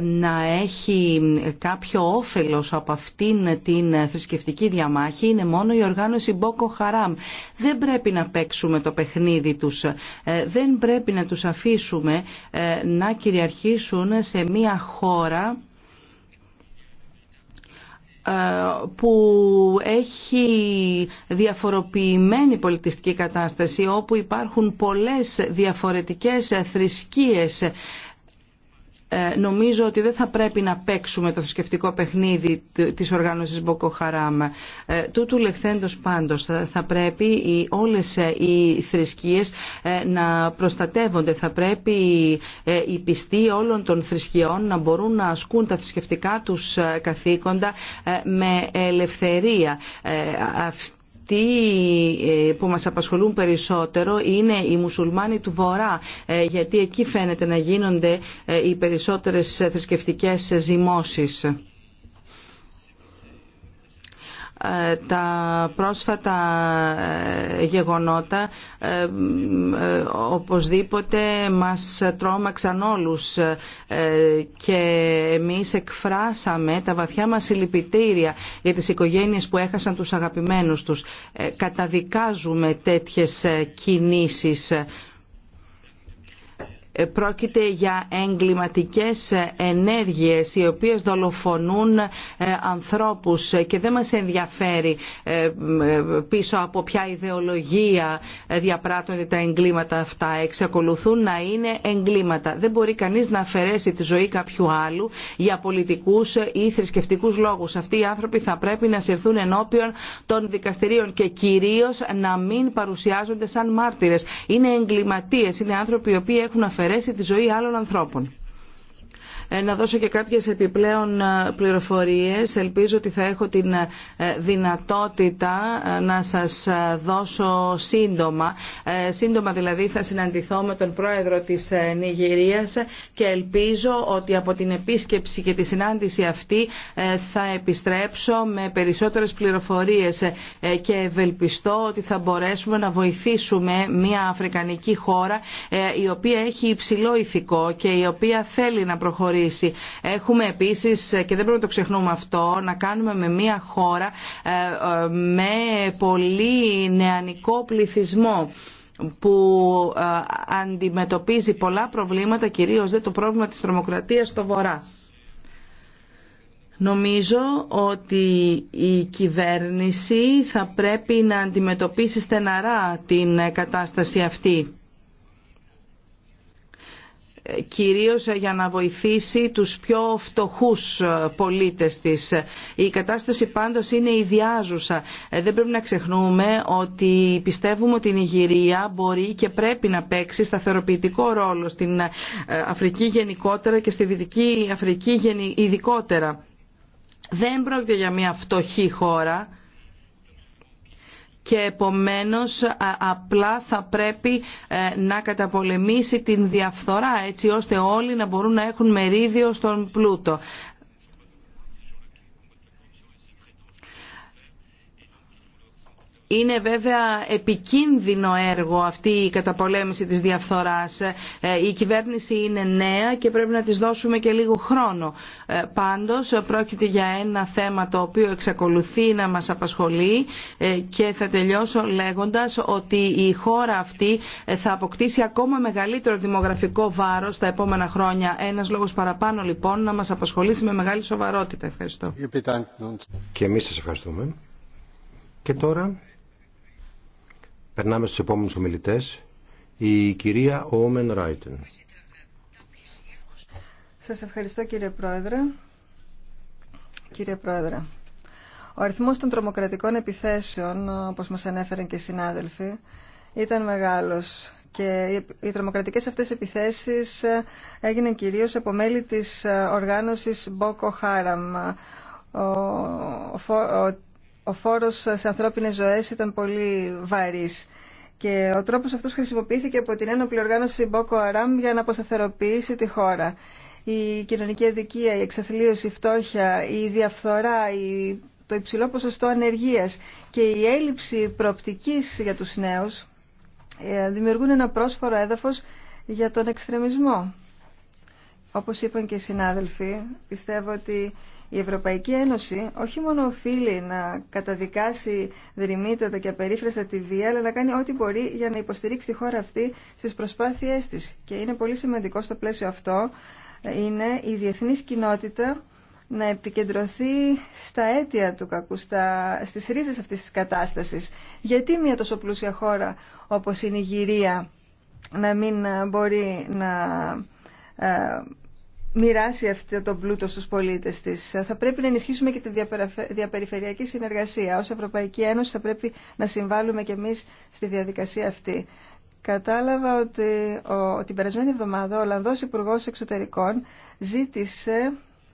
[SPEAKER 2] να έχει κάποιο όφελος από αυτήν την θρησκευτική διαμάχη είναι μόνο η οργάνωση Μπόκο Χαράμ. Δεν πρέπει να παίξουμε το παιχνίδι τους. Ε, δεν πρέπει να τους αφήσουμε ε, να κυριαρχήσουν σε μια χώρα ε, που έχει διαφοροποιημένη πολιτιστική κατάσταση όπου υπάρχουν πολλές διαφορετικές θρησκείες ε, νομίζω ότι δεν θα πρέπει να παίξουμε το θρησκευτικό παιχνίδι της οργάνωσης Μποκοχαράμ. Ε, τούτου λεχθέντος πάντως θα πρέπει οι, όλες ε, οι θρησκείες να προστατεύονται. Θα πρέπει οι πιστοί όλων των θρησκειών να μπορούν να ασκούν τα θρησκευτικά τους καθήκοντα με ελευθερία. Αυτή τι ε, που μας απασχολούν περισσότερο είναι οι μουσουλμάνοι του Βορρά, ε, γιατί εκεί φαίνεται να γίνονται ε, οι περισσότερες θρησκευτικές ζυμώσεις. Ε, τα πρόσφατα ε, γεγονότα ε, οπωσδήποτε μας τρόμαξαν όλους και εμείς εκφράσαμε τα βαθιά μας συλληπιτήρια για τις οικογένειες που έχασαν τους αγαπημένους τους. Καταδικάζουμε τέτοιες κινήσεις Πρόκειται για εγκληματικές ενέργειες οι οποίες δολοφονούν ε, ανθρώπους και δεν μας ενδιαφέρει ε, ε, πίσω από ποια ιδεολογία διαπράττονται τα εγκλήματα αυτά. Εξακολουθούν να είναι εγκλήματα. Δεν μπορεί κανείς να αφαιρέσει τη ζωή κάποιου άλλου για πολιτικούς ή θρησκευτικούς λόγους. Αυτοί οι άνθρωποι θα πρέπει να συρθούν ενώπιον των δικαστηρίων και κυρίως να μην παρουσιάζονται σαν μάρτυρες. Είναι εγκληματίες, είναι άνθρωποι οι οποίοι έχουν αφαιρέσει αφαιρέσει τη ζωή άλλων ανθρώπων. Ε, να δώσω και κάποιες επιπλέον ε, πληροφορίες. Ελπίζω ότι θα έχω την ε, δυνατότητα να σας δώσω σύντομα. Σύντομα δηλαδή θα συναντηθώ με τον πρόεδρο της Νιγηρίας και ελπίζω ότι από την επίσκεψη και τη συνάντηση αυτή θα επιστρέψω με περισσότερες πληροφορίες και ευελπιστώ ότι θα μπορέσουμε να βοηθήσουμε μια Αφρικανική χώρα η οποία έχει υψηλό ηθικό και η οποία θέλει να προχωρήσει Έχουμε επίσης, και δεν πρέπει να το ξεχνούμε αυτό, να κάνουμε με μια χώρα ε, ε, με πολύ νεανικό πληθυσμό που ε, αντιμετωπίζει πολλά προβλήματα, κυρίως δε το πρόβλημα της τρομοκρατίας στο Βορρά. Νομίζω ότι η κυβέρνηση θα πρέπει να αντιμετωπίσει στεναρά την κατάσταση αυτή κυρίως για να βοηθήσει τους πιο φτωχούς πολίτες της. Η κατάσταση πάντως είναι ιδιάζουσα. Ε, δεν πρέπει να ξεχνούμε ότι πιστεύουμε ότι η Νιγηρία μπορεί και πρέπει να παίξει σταθεροποιητικό ρόλο στην ε, Αφρική γενικότερα και στη Δυτική Αφρική ειδικότερα. Δεν πρόκειται για μια φτωχή χώρα και επομένως απλά θα πρέπει ε, να καταπολεμήσει την διαφθορά έτσι ώστε όλοι να μπορούν να έχουν μερίδιο στον πλούτο. Είναι βέβαια επικίνδυνο έργο αυτή η καταπολέμηση της διαφθοράς. Ε, η κυβέρνηση είναι νέα και πρέπει να της δώσουμε και λίγο χρόνο. Ε, πάντως πρόκειται για ένα θέμα το οποίο εξακολουθεί να μας απασχολεί ε, και θα τελειώσω λέγοντας ότι η χώρα αυτή θα αποκτήσει ακόμα μεγαλύτερο δημογραφικό βάρος τα επόμενα χρόνια. Ένας λόγος παραπάνω λοιπόν να μας απασχολήσει με μεγάλη σοβαρότητα. Ευχαριστώ.
[SPEAKER 1] Και εμείς σας ευχαριστούμε. Και τώρα Περνάμε στους επόμενους ομιλητές. Η κυρία Όμεν Ράιτεν.
[SPEAKER 3] Σας ευχαριστώ κύριε Πρόεδρε. Κύριε Πρόεδρε, ο αριθμός των τρομοκρατικών επιθέσεων, όπως μας ανέφεραν και οι συνάδελφοι, ήταν μεγάλος και οι τρομοκρατικές αυτές επιθέσεις ε, έγιναν κυρίως από μέλη της ε, οργάνωσης Boko Haram, ο φόρος σε ανθρώπινες ζωές ήταν πολύ βαρύς. Και ο τρόπος αυτός χρησιμοποιήθηκε από την ένοπλη οργάνωση Μπόκο Αράμ για να αποσταθεροποιήσει τη χώρα. Η κοινωνική αδικία, η εξαθλίωση, η φτώχεια, η διαφθορά, η... το υψηλό ποσοστό ανεργίας και η έλλειψη προοπτικής για τους νέους ε, δημιουργούν ένα πρόσφορο έδαφος για τον εξτρεμισμό. Όπως είπαν και οι συνάδελφοι, πιστεύω ότι η Ευρωπαϊκή Ένωση όχι μόνο οφείλει να καταδικάσει δρυμύτατα και απερίφραστα τη βία, αλλά να κάνει ό,τι μπορεί για να υποστηρίξει τη χώρα αυτή στις προσπάθειές της. Και είναι πολύ σημαντικό στο πλαίσιο αυτό είναι η διεθνής κοινότητα να επικεντρωθεί στα αίτια του κακού, στα, στις ρίζες αυτής της κατάστασης. Γιατί μια τόσο πλούσια χώρα όπως είναι η Γυρία να μην μπορεί να ε, μοιράσει αυτό το πλούτο στους πολίτες της. Θα πρέπει να ενισχύσουμε και τη διαπεριφερειακή συνεργασία. Ως Ευρωπαϊκή Ένωση θα πρέπει να συμβάλλουμε και εμείς στη διαδικασία αυτή. Κατάλαβα ότι ο, την περασμένη εβδομάδα ο Ολλανδός Υπουργό Εξωτερικών ζήτησε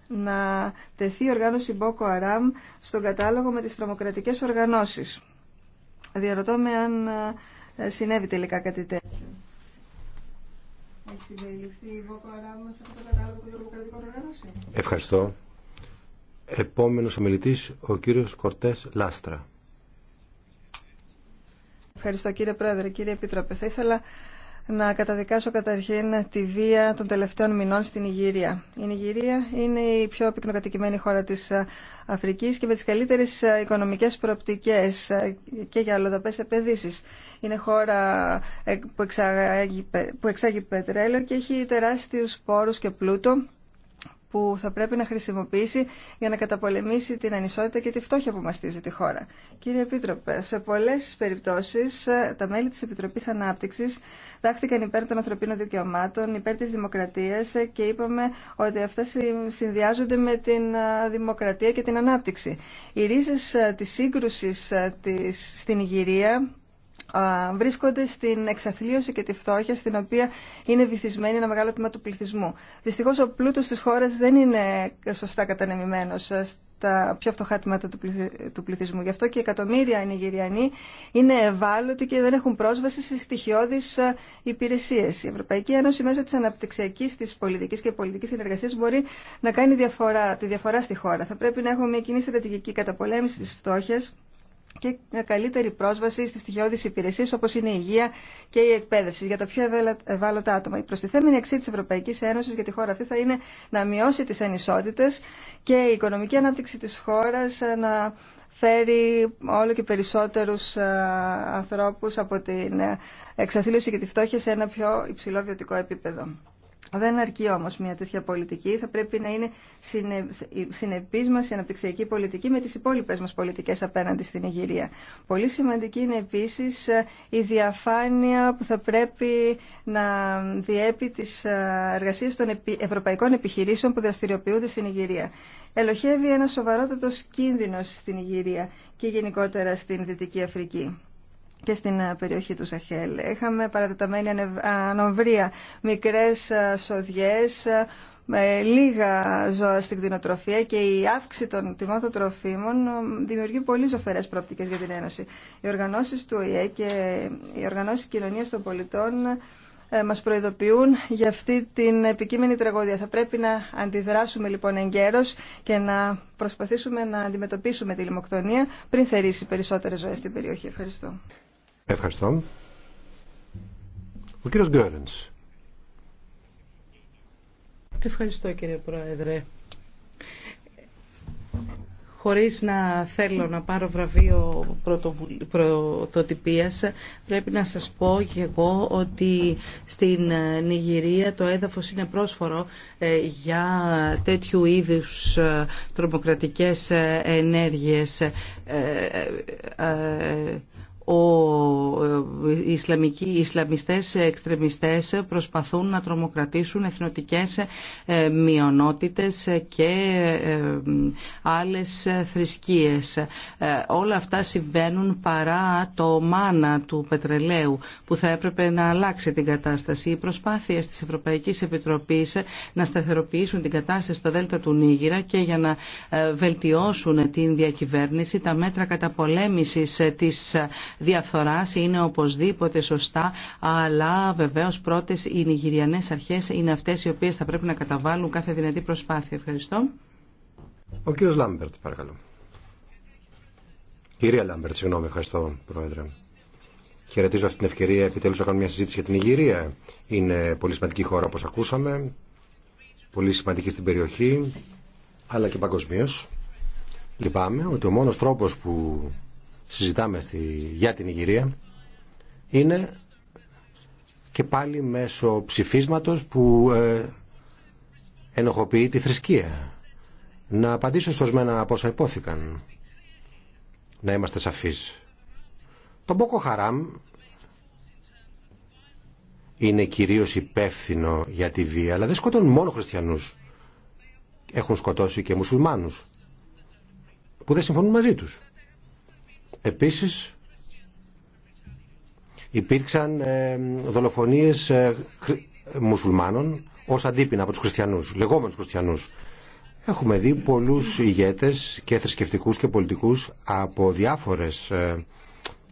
[SPEAKER 3] να τεθεί η οργάνωση Boko Haram στον κατάλογο με τις τρομοκρατικές οργανώσεις. Διαρωτώ με αν ε, συνέβη τελικά κάτι τέτοιο.
[SPEAKER 1] Ευχαριστώ. Επόμενος ομιλητής, ο κύριος Κορτές Λάστρα.
[SPEAKER 3] Ευχαριστώ κύριε Πρόεδρε, κύριε Επίτροπε. Θα ήθελα να καταδικάσω καταρχήν τη βία των τελευταίων μηνών στην Ιγυρία. Η Ιγυρία είναι η πιο πυκνοκατοικημένη χώρα της ε, Αφρικής και με τις καλύτερες ε, οικονομικές προοπτικές ε, και για αλλοδαπές επενδύσεις. Είναι χώρα που εξάγει πετρέλαιο και έχει τεράστιους πόρους και πλούτο που θα πρέπει να χρησιμοποιήσει για να καταπολεμήσει την ανισότητα και τη φτώχεια που μαστίζει τη χώρα. Κύριε Επίτροπε, σε πολλές περιπτώσεις ε, τα μέλη της Επιτροπής ανάπτυξη τάχθηκαν υπέρ των ανθρωπίνων δικαιωμάτων, υπέρ τη Δημοκρατία ε, και είπαμε ότι αυτά συνδυάζονται με την ε, δημοκρατία και την ανάπτυξη. Οι ρίζε τη σύγκρουση στην Ιγυρία βρίσκονται στην εξαθλίωση και τη φτώχεια στην οποία είναι βυθισμένη ένα μεγάλο τμήμα του πληθυσμού. Δυστυχώ ο πλούτο τη χώρα δεν είναι σωστά κατανεμημένο ε, στα πιο φτωχά τμήματα του πληθυσμού. Γι' αυτό και εκατομμύρια Νιγηριανοί είναι ευάλωτοι και δεν έχουν πρόσβαση στι στοιχειώδει ε, υπηρεσίε. Η Ευρωπαϊκή Ένωση μέσω τη αναπτυξιακή τη πολιτική και πολιτική συνεργασία μπορεί να κάνει διαφορά, τη διαφορά στη χώρα. Θα πρέπει να έχουμε μια κοινή στρατηγική καταπολέμηση τη φτώχεια και καλύτερη πρόσβαση στις στοιχειώδει υπηρεσίες όπως είναι η υγεία και η εκπαίδευση για τα πιο ευάλωτα άτομα. Η προστιθέμενη αξία τη Ευρωπαϊκής Ένωση, για τη χώρα αυτή θα είναι να μειώσει τις ανισότητες και η οικονομική ανάπτυξη της χώρας να φέρει όλο και περισσότερους ε, ανθρώπους από την ε, εξαθλίωση και τη φτώχεια σε ένα πιο υψηλό βιωτικό επίπεδο. Δεν αρκεί όμω μια τέτοια πολιτική. Θα πρέπει να είναι συνεπή μα η αναπτυξιακή πολιτική με τι υπόλοιπε μα πολιτικέ απέναντι στην Ιγυρία. Πολύ σημαντική είναι επίση ε, η διαφάνεια που θα πρέπει να διέπει τι ε, εργασίε των ευρωπαϊκών επιχειρήσεων που δραστηριοποιούνται στην Ιγυρία. Ελοχεύει ένα σοβαρότατο κίνδυνο στην Ιγυρία και γενικότερα στην Δυτική Αφρική και στην ε, περιοχή του Σαχέλ. Είχαμε παρατεταμένη ε, ανοβρία, μικρές ε, σοδιές, με λίγα ζώα στην κτηνοτροφία και η αύξηση των τιμών των τροφίμων δημιουργεί πολύ ζωφερέ προοπτικές για την Ένωση. Οι οργανώσεις του ΟΗΕ και οι οργανώσεις κοινωνίας των πολιτών μας προειδοποιούν για αυτή την επικείμενη τραγωδία. Θα πρέπει να αντιδράσουμε λοιπόν εγκαίρως και να προσπαθήσουμε να αντιμετωπίσουμε τη λιμοκτονία πριν θερήσει περισσότερες ζωές στην περιοχή. Ευχαριστώ.
[SPEAKER 1] Ευχαριστώ. Ο κύριος Γκέρενς.
[SPEAKER 2] Ευχαριστώ κύριε Πρόεδρε. Χωρίς να θέλω να πάρω βραβείο πρωτοτυπίας, πρέπει να σας πω και εγώ ότι στην Νιγηρία το έδαφος είναι πρόσφορο ε, για τέτοιου είδους ε, τρομοκρατικές ε, ενέργειες ο, οι ε, Ισλαμικοί, οι Ισλαμιστές ε, εξτρεμιστές ε, προσπαθούν να τρομοκρατήσουν εθνοτικές μειονότητες και άλλες θρησκείες. Όλα αυτά συμβαίνουν παρά το μάνα του πετρελαίου που θα έπρεπε να αλλάξει την κατάσταση. Οι προσπάθειες της Ευρωπαϊκής Επιτροπής να σταθεροποιήσουν την κατάσταση στο Δέλτα του Νίγηρα και για να βελτιώσουν την διακυβέρνηση, τα μέτρα καταπολέμησης της διαφθοράς είναι οπωσδήποτε σωστά, αλλά βεβαίως πρώτες οι νιγηριανές αρχές είναι αυτές οι οποίες θα πρέπει να καταβάλουν κάθε δυνατή προσπάθεια. Ευχαριστώ. Ο κύριος Λάμπερτ, παρακαλώ.
[SPEAKER 1] Κυρία Λάμπερτ, συγγνώμη, ευχαριστώ, Πρόεδρε. Χαιρετίζω αυτή την ευκαιρία. Επιτέλου, να κάνω μια συζήτηση για την Ιγυρία. Είναι πολύ σημαντική χώρα, όπω ακούσαμε. Πολύ σημαντική στην περιοχή, αλλά και παγκοσμίω. Λυπάμαι ότι ο μόνο τρόπο που συζητάμε στη, για την Ιγυρία είναι και πάλι μέσω ψηφίσματος που ε, ενοχοποιεί τη θρησκεία. Να απαντήσω σωσμένα από όσα υπόθηκαν. Να είμαστε σαφείς. Το Μπόκο Χαράμ είναι κυρίως υπεύθυνο για τη βία, αλλά δεν σκοτώνουν μόνο χριστιανούς. Έχουν σκοτώσει και μουσουλμάνους που δεν συμφωνούν μαζί τους. Επίσης υπήρξαν ε, δολοφονίες ε, μουσουλμάνων ως αντίπεινα από τους χριστιανούς, λεγόμενους χριστιανούς. Έχουμε δει πολλούς ηγέτες και θρησκευτικούς και πολιτικούς από διάφορες ε,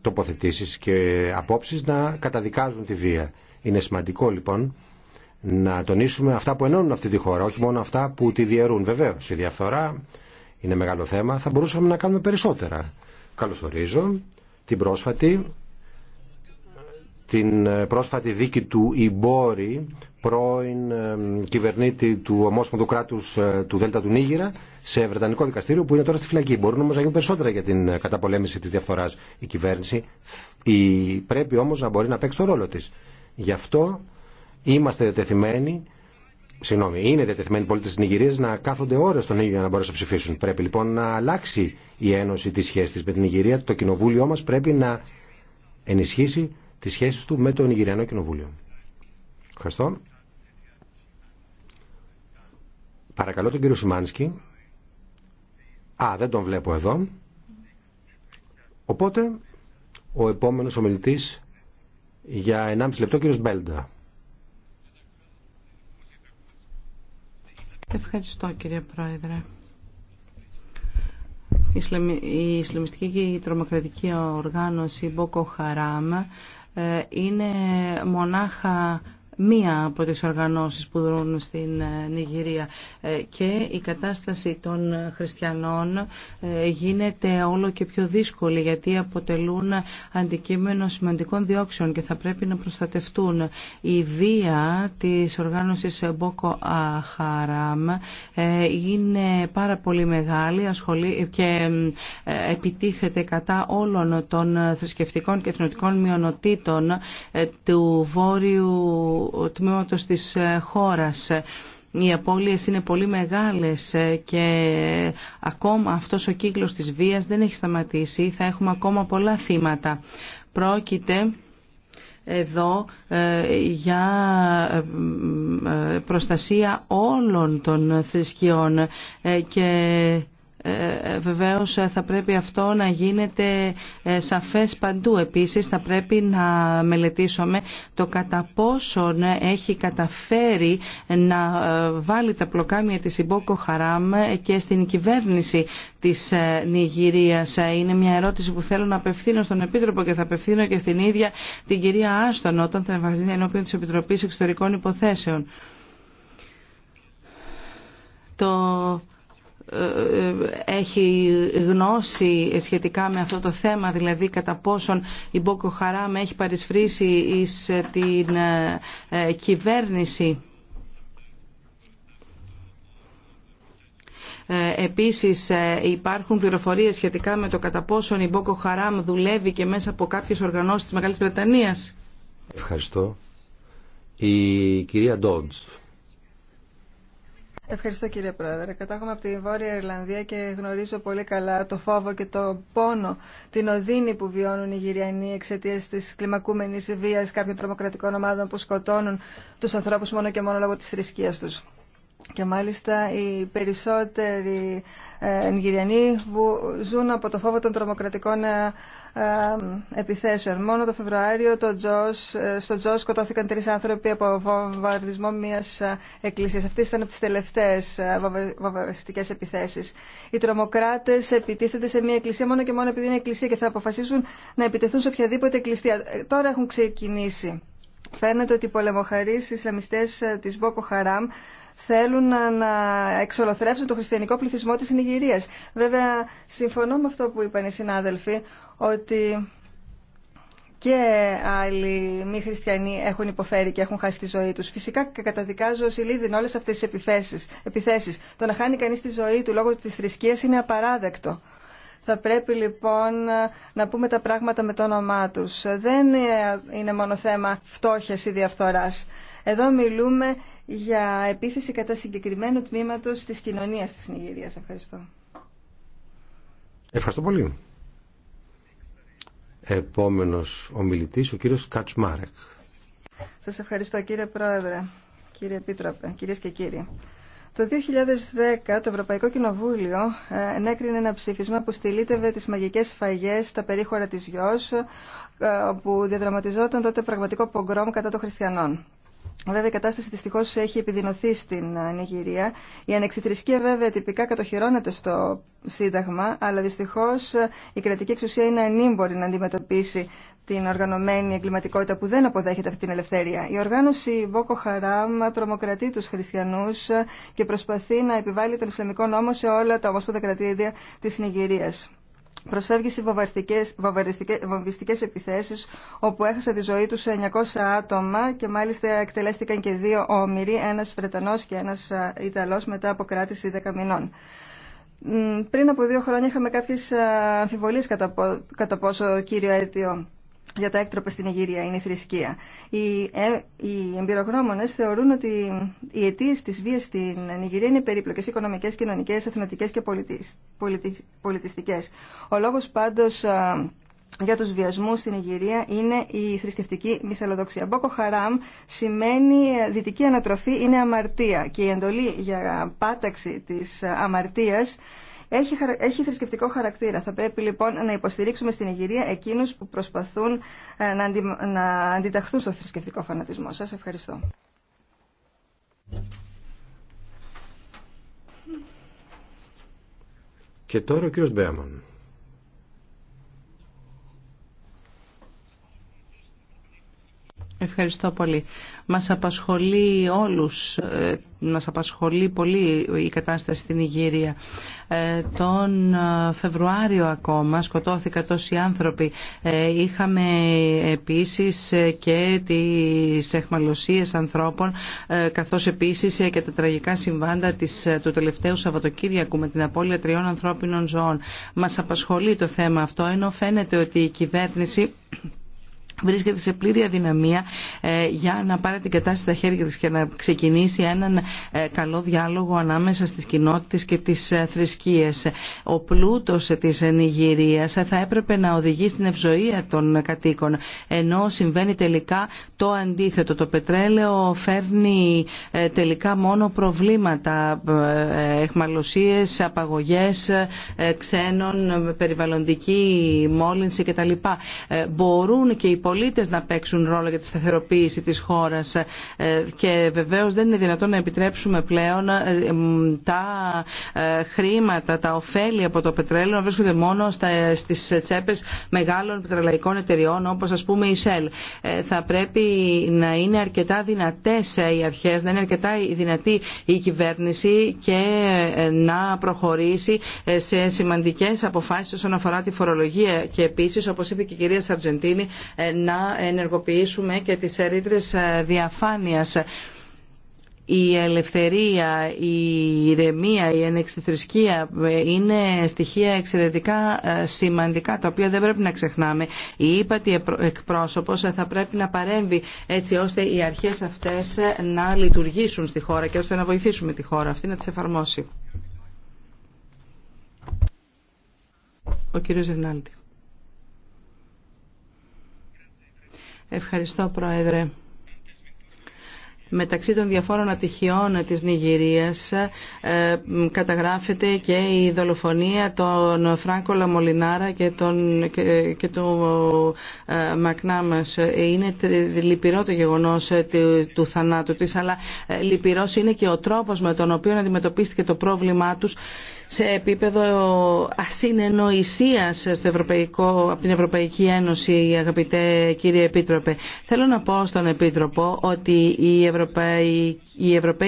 [SPEAKER 1] τοποθετήσεις και απόψεις να καταδικάζουν τη βία. Είναι σημαντικό λοιπόν να τονίσουμε αυτά που ενώνουν αυτή τη χώρα, όχι μόνο αυτά που τη διαιρούν. Βεβαίω, η διαφθορά είναι μεγάλο θέμα. Θα μπορούσαμε να κάνουμε περισσότερα. Καλωσορίζω την πρόσφατη την ε, πρόσφατη δίκη του Ιμπόρη, πρώην ε, κυβερνήτη του ομόσπονδου κράτου ε, του Δέλτα του Νίγηρα, σε Βρετανικό δικαστήριο που είναι τώρα στη φυλακή. Μπορούν όμω να γίνουν περισσότερα για την καταπολέμηση τη διαφθορά. Η κυβέρνηση η, πρέπει όμω να μπορεί να παίξει το ρόλο τη. Γι' αυτό είμαστε διατεθειμένοι. Συγγνώμη, είναι διατεθειμένοι οι πολίτε τη Νιγηρία να κάθονται ώρε στον ίδιο για να μπορέσουν να ψηφίσουν. Πρέπει λοιπόν να αλλάξει η Ένωση τη σχέση τη με την Ιγυρία. Το κοινοβούλιο μα πρέπει να ενισχύσει τι σχέσει του με το Ιγυριανό κοινοβούλιο. Ευχαριστώ. Παρακαλώ τον κύριο Σιμάνσκι. Α, δεν τον βλέπω εδώ. Οπότε, ο επόμενος ομιλητής για 1,5 λεπτό, κύριος Μπέλντα.
[SPEAKER 2] Ευχαριστώ κύριε Πρόεδρε η Ισλαμιστική και η τρομοκρατική οργάνωση Boko Haram ε, είναι μονάχα μία από τις οργανώσεις που δρούν στην ε, Νιγηρία ε, και η κατάσταση των χριστιανών ε, γίνεται όλο και πιο δύσκολη γιατί αποτελούν αντικείμενο σημαντικών διώξεων και θα πρέπει να προστατευτούν. Η βία της οργάνωσης Boko Haram είναι πάρα πολύ μεγάλη και επιτίθεται κατά όλων των θρησκευτικών και εθνοτικών μειονοτήτων του Βόρειου τμήματος της ε, χώρας. Οι απώλειες είναι πολύ μεγάλες ε, και ακόμα αυτός ο κύκλος της βίας δεν έχει σταματήσει. Θα έχουμε ακόμα πολλά θύματα. Πρόκειται εδώ ε, για προστασία όλων των θρησκειών και ε, ε, βεβαίως ε, θα πρέπει αυτό να γίνεται σαφές παντού. Επίσης θα πρέπει να μελετήσουμε το κατά πόσον έχει καταφέρει να βάλει τα πλοκάμια της Ιμπόκο Χαράμ και στην κυβέρνηση της Νιγηρίας. Είναι μια ερώτηση που θέλω να απευθύνω στον Επίτροπο και θα απευθύνω και στην ίδια την κυρία Άστον όταν θα εμβαθύνει ενώπιον της Επιτροπής Εξωτερικών Υποθέσεων. Το ε, ε, έχει γνώση σχετικά με αυτό το θέμα, δηλαδή κατά πόσον η Μπόκο Χαράμ έχει παρισφρήσει εις ε, την κυβέρνηση. Επίσης υπάρχουν πληροφορίες σχετικά με το κατά πόσον η Μπόκο Χαράμ δουλεύει και μέσα από κάποιες οργανώσεις της Μεγάλης Βρετανίας.
[SPEAKER 1] Ευχαριστώ. Η κυρία Ντόντς.
[SPEAKER 3] Ευχαριστώ κύριε Πρόεδρε. Κατάγομαι από τη Βόρεια Ιρλανδία και γνωρίζω πολύ καλά το φόβο και το πόνο, την οδύνη που βιώνουν οι Γυριανοί εξαιτία τη κλιμακούμενη βία κάποιων τρομοκρατικών ομάδων που σκοτώνουν του ανθρώπου μόνο και μόνο λόγω τη θρησκεία του. Και μάλιστα οι περισσότεροι ε, Νιγηριανοί ζουν από το φόβο των τρομοκρατικών ε, ε, επιθέσεων. Μόνο το Φεβρουάριο το Τζος, στο Τζο σκοτώθηκαν τρει άνθρωποι από βομβαρδισμό μια εκκλησία. Αυτέ ήταν από τι τελευταίε βομβαρδιστικέ επιθέσει. Οι τρομοκράτε επιτίθενται σε μια εκκλησία μόνο και μόνο επειδή είναι εκκλησία και θα αποφασίσουν να επιτεθούν σε οποιαδήποτε εκκλησία. Τώρα έχουν ξεκινήσει. Φαίνεται ότι οι πολεμοχαρείς Ισλαμιστέ τη Μπόκο Χαράμ θέλουν να εξολοθρεύσουν το χριστιανικό πληθυσμό της Νιγηρίας. Βέβαια, συμφωνώ με αυτό που είπαν οι συνάδελφοι, ότι και άλλοι μη χριστιανοί έχουν υποφέρει και έχουν χάσει τη ζωή τους. Φυσικά καταδικάζω ως ηλίδιν όλες αυτές τις επιθέσεις. Το να χάνει κανείς τη ζωή του λόγω της θρησκείας είναι απαράδεκτο. Θα πρέπει λοιπόν να πούμε τα πράγματα με το όνομά τους. Δεν είναι μόνο θέμα φτώχειας ή διαφθοράς. Εδώ μιλούμε για επίθεση κατά συγκεκριμένου τμήματος της κοινωνίας της Νιγηρίας. Ευχαριστώ.
[SPEAKER 2] Ευχαριστώ
[SPEAKER 1] πολύ. Επόμενος ομιλητής, ο κύριος Κατσμάρεκ.
[SPEAKER 3] Σας ευχαριστώ κύριε Πρόεδρε, κύριε Επίτροπε, κυρίες και κύριοι. Το 2010 το Ευρωπαϊκό Κοινοβούλιο ε, ενέκρινε ένα ψήφισμα που στυλίτευε τις μαγικές σφαγές στα περίχωρα της Γιος ε, που διαδραματιζόταν τότε πραγματικό πογκρόμ κατά των χριστιανών. Βέβαια η κατάσταση δυστυχώ έχει επιδεινωθεί στην ε, Νιγηρία. Η ανεξιθρησκεία βέβαια τυπικά κατοχυρώνεται στο Σύνταγμα, αλλά δυστυχώ ε, η κρατική εξουσία είναι ανήμπορη να αντιμετωπίσει την οργανωμένη εγκληματικότητα που δεν αποδέχεται αυτή την ελευθερία. Η οργάνωση Boko Χαράμ τρομοκρατεί του χριστιανού ε, και προσπαθεί να επιβάλλει τον Ισλαμικό νόμο σε όλα τα ομόσπονδα κρατήδια τη Νιγηρία προσφεύγει σε βομβιστικές επιθέσεις όπου έχασε τη ζωή τους 900 άτομα και μάλιστα εκτελέστηκαν και δύο όμοιροι, ένας Βρετανός και ένας Ιταλός μετά από κράτηση 10 μηνών. Πριν από δύο χρόνια είχαμε κάποιες αμφιβολίες κατά πόσο κύριο αίτιο για τα έκτροπα στην Ιγυρία, είναι η θρησκεία. Οι, ε, οι θεωρούν ότι οι αιτίε τη βία στην Αιγυρία είναι περίπλοκες, οικονομικές, κοινωνικές, εθνοτικέ και πολιτισ, πολιτιστικές. Ο λόγος πάντως για τους βιασμούς στην Ιγυρία είναι η θρησκευτική μυσαλλοδοξία. Μπόκο Χαράμ σημαίνει ε, δυτική ανατροφή είναι αμαρτία και η εντολή για πάταξη της ε, αμαρτίας έχει, έχει θρησκευτικό χαρακτήρα. Θα πρέπει λοιπόν να υποστηρίξουμε στην Ιγυρία εκείνους που προσπαθούν ε, να, να αντιταχθούν στο θρησκευτικό φανατισμό. Σας ευχαριστώ.
[SPEAKER 1] Και τώρα ο κ.
[SPEAKER 2] Ευχαριστώ πολύ. Μας απασχολεί όλους, ε, μας απασχολεί πολύ η κατάσταση στην Ιγύρια. Ε, τον ε, Φεβρουάριο ακόμα σκοτώθηκαν τόσοι άνθρωποι. Είχαμε επίσης και τις εχμαλωσίες ανθρώπων, καθώς επίσης και τα τραγικά συμβάντα της, του τελευταίου Σαββατοκύριακου με την απώλεια τριών ανθρώπινων ζωών. Μας απασχολεί το θέμα αυτό, ενώ φαίνεται ότι η κυβέρνηση βρίσκεται σε πλήρη αδυναμία ε, για να πάρει την κατάσταση στα χέρια της και να ξεκινήσει έναν ε, καλό διάλογο ανάμεσα στις κοινότητες και τις ε, θρησκείες. Ο πλούτος της Νιγηρίας θα έπρεπε να οδηγεί στην ευζοία των κατοίκων, ενώ συμβαίνει τελικά το αντίθετο. Το πετρέλαιο φέρνει τελικά μόνο προβλήματα, εχμαλωσίες, απαγωγές ξένων, περιβαλλοντική μόλυνση κτλ. Μπορούν και οι πολίτες να παίξουν ρόλο για τη σταθεροποίηση της χώρας ε, και βεβαίως δεν είναι δυνατόν να επιτρέψουμε πλέον ε, τα ε, χρήματα, τα ωφέλη από το πετρέλαιο να βρίσκονται μόνο στις τσέπες μεγάλων πετρελαϊκών εταιριών όπως ας πούμε η Shell. Θα πρέπει να είναι αρκετά δυνατές οι αρχές, να είναι αρκετά δυνατή η κυβέρνηση και να προχωρήσει σε σημαντικές αποφάσεις όσον αφορά τη φορολογία και επίσης όπως είπε και η κυρία Σαρτζεντίνη να ενεργοποιήσουμε και τις ερήτρες διαφάνειας η ελευθερία, η ηρεμία, η ενεξιθρησκεία είναι στοιχεία εξαιρετικά ε, σημαντικά τα οποία δεν πρέπει να ξεχνάμε. Η ύπατη εκπρόσωπος θα πρέπει να παρέμβει έτσι ώστε οι αρχές αυτές ε, να λειτουργήσουν στη χώρα και ώστε να βοηθήσουμε τη χώρα αυτή να τις εφαρμόσει. Ο κύριος Ευχαριστώ, Πρόεδρε. Μεταξύ των διαφόρων ατυχιών της Νιγηρίας ε, καταγράφεται και η δολοφονία των Φράνκο Λαμολινάρα και, και, του ε, Είναι λυπηρό το γεγονός ε, του, του θανάτου της, αλλά ε, λυπηρός είναι και ο τρόπος με τον οποίο αντιμετωπίστηκε το πρόβλημά τους σε επίπεδο ασυνεννοησίας στο Ευρωπαϊκό, από την Ευρωπαϊκή Ένωση, αγαπητέ κύριε Επίτροπε. Θέλω να πω στον Επίτροπο ότι οι Ευρωπαίοι,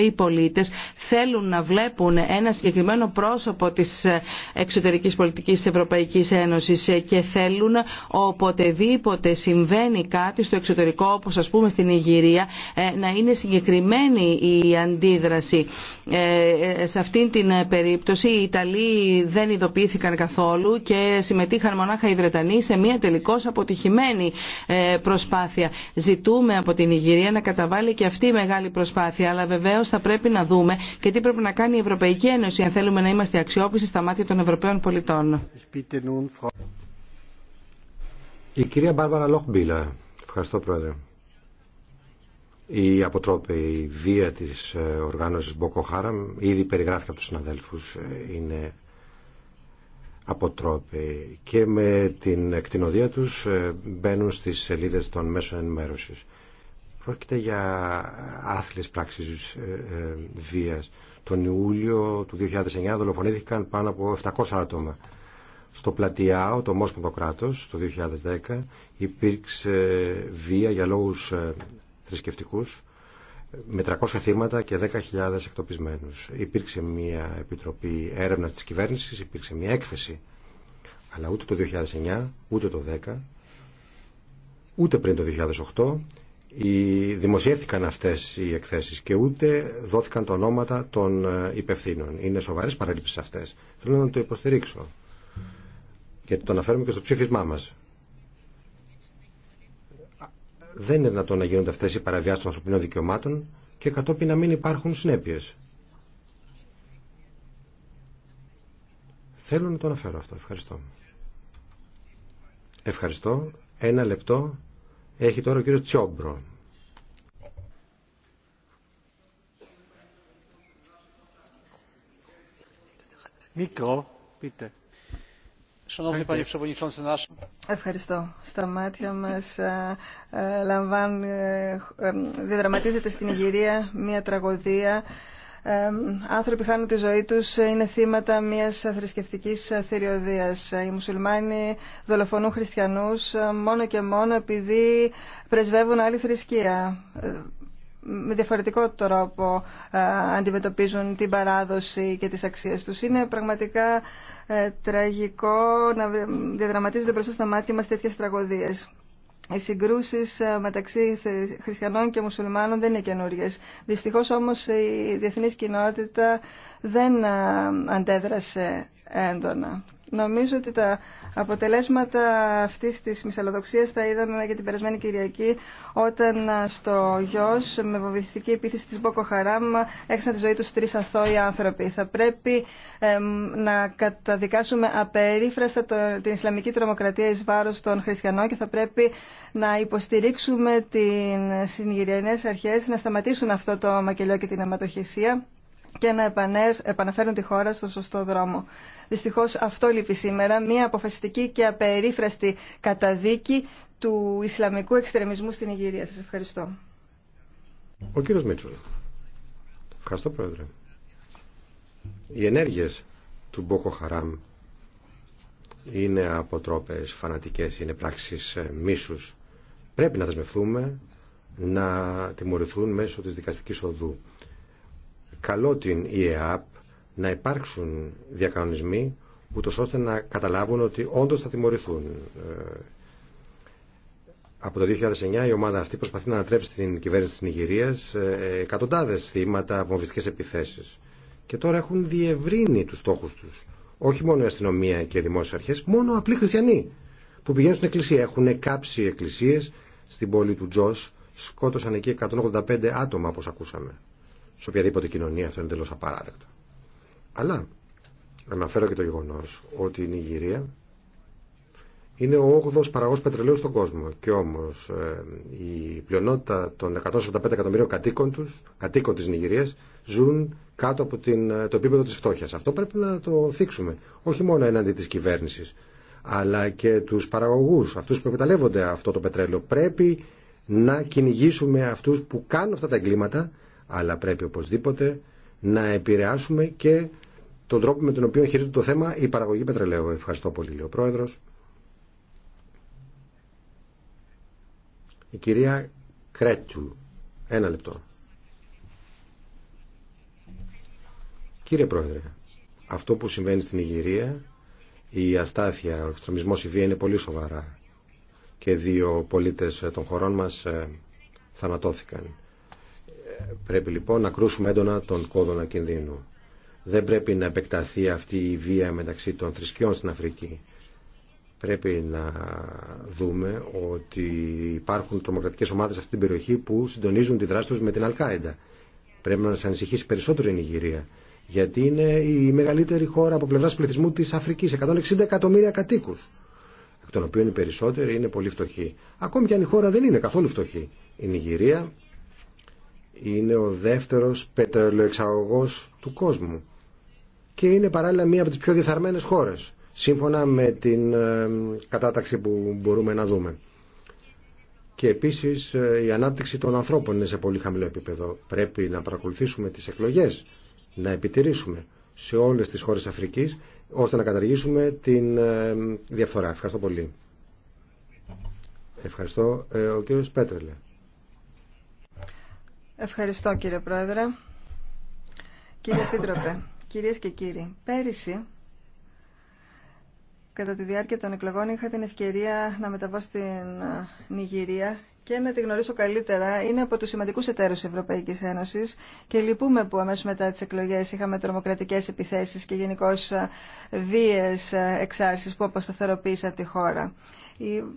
[SPEAKER 2] οι πολίτες θέλουν να βλέπουν ένα συγκεκριμένο πρόσωπο της εξωτερικής πολιτικής της Ευρωπαϊκής Ένωσης και θέλουν οποτεδήποτε συμβαίνει κάτι στο εξωτερικό, όπως ας πούμε στην Ιγυρία, ε, να είναι συγκεκριμένη η αντίδραση. Ε, ε, σε αυτήν την περίπτωση Ιταλοί δεν ειδοποιήθηκαν καθόλου και συμμετείχαν μονάχα οι Βρετανοί σε μια τελικώ αποτυχημένη ε, προσπάθεια. Ζητούμε από την Ιγυρία να καταβάλει και αυτή η μεγάλη προσπάθεια, αλλά βεβαίω θα πρέπει να δούμε και τι πρέπει να κάνει η Ευρωπαϊκή Ένωση αν θέλουμε να είμαστε αξιόπιστοι στα μάτια των Ευρωπαίων πολιτών.
[SPEAKER 1] Ευχαριστώ, Πρόεδρε. Η αποτρόπη βία της ε, οργάνωσης Μποκοχάραμ ήδη περιγράφηκε από τους συναδέλφους. Ε, είναι αποτρόπη και με την εκτινοδία τους ε, μπαίνουν στις σελίδες των μέσων ενημέρωσης. Πρόκειται για άθλιες πράξεις βίας. Τον Ιούλιο του 2009 δολοφονήθηκαν πάνω από 700 άτομα. Στο Πλατιάο, το τομός κράτος, το 2010 υπήρξε βία για λόγους θρησκευτικούς με 300 θύματα και 10.000 εκτοπισμένους. Υπήρξε μια επιτροπή έρευνας της κυβέρνησης, υπήρξε μια έκθεση, αλλά ούτε το 2009, ούτε το 2010, ούτε πριν το 2008 οι, δημοσιεύτηκαν αυτές οι εκθέσεις και ούτε δόθηκαν τα ονόματα των ε, υπευθύνων. Είναι σοβαρές παραλήψεις αυτές. Θέλω να το υποστηρίξω. Γιατί το αναφέρουμε και στο ψήφισμά μας δεν είναι δυνατόν να γίνονται αυτέ οι παραβιάσεις των ανθρωπίνων δικαιωμάτων και κατόπιν να μην υπάρχουν συνέπειε. Θέλω να το αναφέρω αυτό. Ευχαριστώ. Ευχαριστώ. Ένα λεπτό έχει τώρα ο κύριο Τσιόμπρο. Μικρό, πείτε.
[SPEAKER 3] Ευχαριστώ. Στα μάτια μας ε, ε, ε, διαδραματίζεται στην Ιγυρία μια τραγωδία. Άνθρωποι χάνουν τη ζωή τους, είναι θύματα μιας θρησκευτικής θηριωδίας. Οι μουσουλμάνοι δολοφονούν χριστιανούς μόνο και μόνο επειδή πρεσβεύουν άλλη θρησκεία με διαφορετικό τρόπο ε, αντιμετωπίζουν την παράδοση και τις αξίες τους. Είναι πραγματικά ε, τραγικό να διαδραματίζονται μπροστά στα μάτια μας τέτοιες τραγωδίες. Οι συγκρούσει ε, μεταξύ χριστιανών και μουσουλμάνων δεν είναι καινούριε. Δυστυχώ όμω η διεθνή κοινότητα δεν αντέδρασε έντονα. Νομίζω ότι τα αποτελέσματα αυτής της μυσαλλοδοξίας τα είδαμε και την περασμένη Κυριακή όταν ε, στο γιος με βοβηθιστική επίθεση της Μποκοχαράμ έξανε τη ζωή του τρεις αθώοι άνθρωποι. Θα πρέπει να καταδικάσουμε απερίφραστα το, την Ισλαμική τρομοκρατία εις βάρος των χριστιανών και θα πρέπει να υποστηρίξουμε τι συγγυριανές αρχές να σταματήσουν αυτό το μακελιό και την αιματοχυσία και να επαναφέρουν τη χώρα στο σωστό δρόμο. Δυστυχώ αυτό λείπει σήμερα, μια αποφασιστική και απερίφραστη καταδίκη του Ισλαμικού εξτρεμισμού στην Ιγυρία. Σας ευχαριστώ.
[SPEAKER 1] Ο κύριος Μίτσουλ. Ευχαριστώ, Πρόεδρε. Οι ενέργειες του Μπόκο Χαράμ είναι αποτρόπες, φανατικές, είναι πράξεις ε, μίσους. Πρέπει να δεσμευτούμε να τιμωρηθούν μέσω της δικαστικής οδού. Καλό την ΙΕΑΠ να υπάρξουν διακανονισμοί ούτω ώστε να καταλάβουν ότι όντως θα τιμωρηθούν. Ε, από το 2009 η ομάδα αυτή προσπαθεί να ανατρέψει την κυβέρνηση της Νιγηρίας εκατοντάδες θύματα, βομβιστικές επιθέσεις. Και τώρα έχουν διευρύνει τους στόχους τους. Όχι μόνο η αστυνομία και οι δημόσιες αρχές, μόνο απλοί χριστιανοί που πηγαίνουν στην εκκλησία. Έχουν κάψει εκκλησίες στην πόλη του Τζος, σκότωσαν εκεί 185 άτομα όπως ακούσαμε. Σε οποιαδήποτε κοινωνία αυτό είναι τελώς απαράδεκτο. Αλλά αναφέρω και το γεγονό ότι η Νιγηρία είναι ο 8ο παραγό πετρελαίου στον κόσμο. Και όμω ε, η πλειονότητα των 145 εκατομμυρίων κατοίκων, κατοίκων τη Νιγηρία ζουν κάτω από την, ε, το επίπεδο τη φτώχεια. Αυτό πρέπει να το θίξουμε. Όχι μόνο έναντι τη κυβέρνηση, αλλά και του παραγωγού, αυτού που εκμεταλλεύονται αυτό το πετρέλαιο. Πρέπει να κυνηγήσουμε αυτού που κάνουν αυτά τα εγκλήματα, αλλά πρέπει οπωσδήποτε να επηρεάσουμε και τον τρόπο με τον οποίο χειρίζεται το θέμα η παραγωγή πετρελαίου. Ευχαριστώ πολύ, λέει ο Πρόεδρος. Η κυρία Κρέτσου. Ένα λεπτό. Κύριε Πρόεδρε, αυτό που συμβαίνει στην Ιγυρία, η αστάθεια, ο εξτρεμισμός, η βία είναι πολύ σοβαρά και δύο πολίτες των χωρών μας ε, θανατώθηκαν. Ε, πρέπει λοιπόν να κρούσουμε έντονα τον κόδωνα κινδύνου. Δεν πρέπει να επεκταθεί αυτή η βία μεταξύ των θρησκειών στην Αφρική. Πρέπει να δούμε ότι υπάρχουν τρομοκρατικές ομάδες σε αυτή την περιοχή που συντονίζουν τη δράση τους με την Αλκάιντα. Πρέπει να μας ανησυχήσει περισσότερο η Νιγηρία. Γιατί είναι η μεγαλύτερη χώρα από πλευρά πληθυσμού τη Αφρική. 160 εκατομμύρια κατοίκου. Εκ των οποίων οι περισσότεροι είναι πολύ φτωχοί. Ακόμη και αν η χώρα δεν είναι καθόλου φτωχή. Η Νιγηρία είναι ο δεύτερο πετρελοεξαγωγό του κόσμου και είναι παράλληλα μία από τις πιο διεθαρμένες χώρες σύμφωνα με την ε, κατάταξη που μπορούμε να δούμε. Και επίσης ε, η ανάπτυξη των ανθρώπων είναι σε πολύ χαμηλό επίπεδο. Πρέπει να παρακολουθήσουμε τις εκλογές, να επιτηρήσουμε σε όλες τις χώρες Αφρικής, ώστε να καταργήσουμε την ε, διαφθορά. Ευχαριστώ πολύ. Ευχαριστώ. Ο κύριος Πέτρελε.
[SPEAKER 3] Ευχαριστώ κύριε Πρόεδρε. Κύριε πίτροπε. Κυρίες και κύριοι, πέρυσι κατά τη διάρκεια των εκλογών είχα την ευκαιρία να μεταβώ στην ε, Νιγηρία και να τη γνωρίσω καλύτερα. Είναι από του σημαντικού εταίρου τη Ευρωπαϊκή Ένωση και λυπούμε που αμέσω μετά τι εκλογέ είχαμε τρομοκρατικέ επιθέσει και γενικώ βίε εξάρσει που αποσταθεροποίησαν τη χώρα.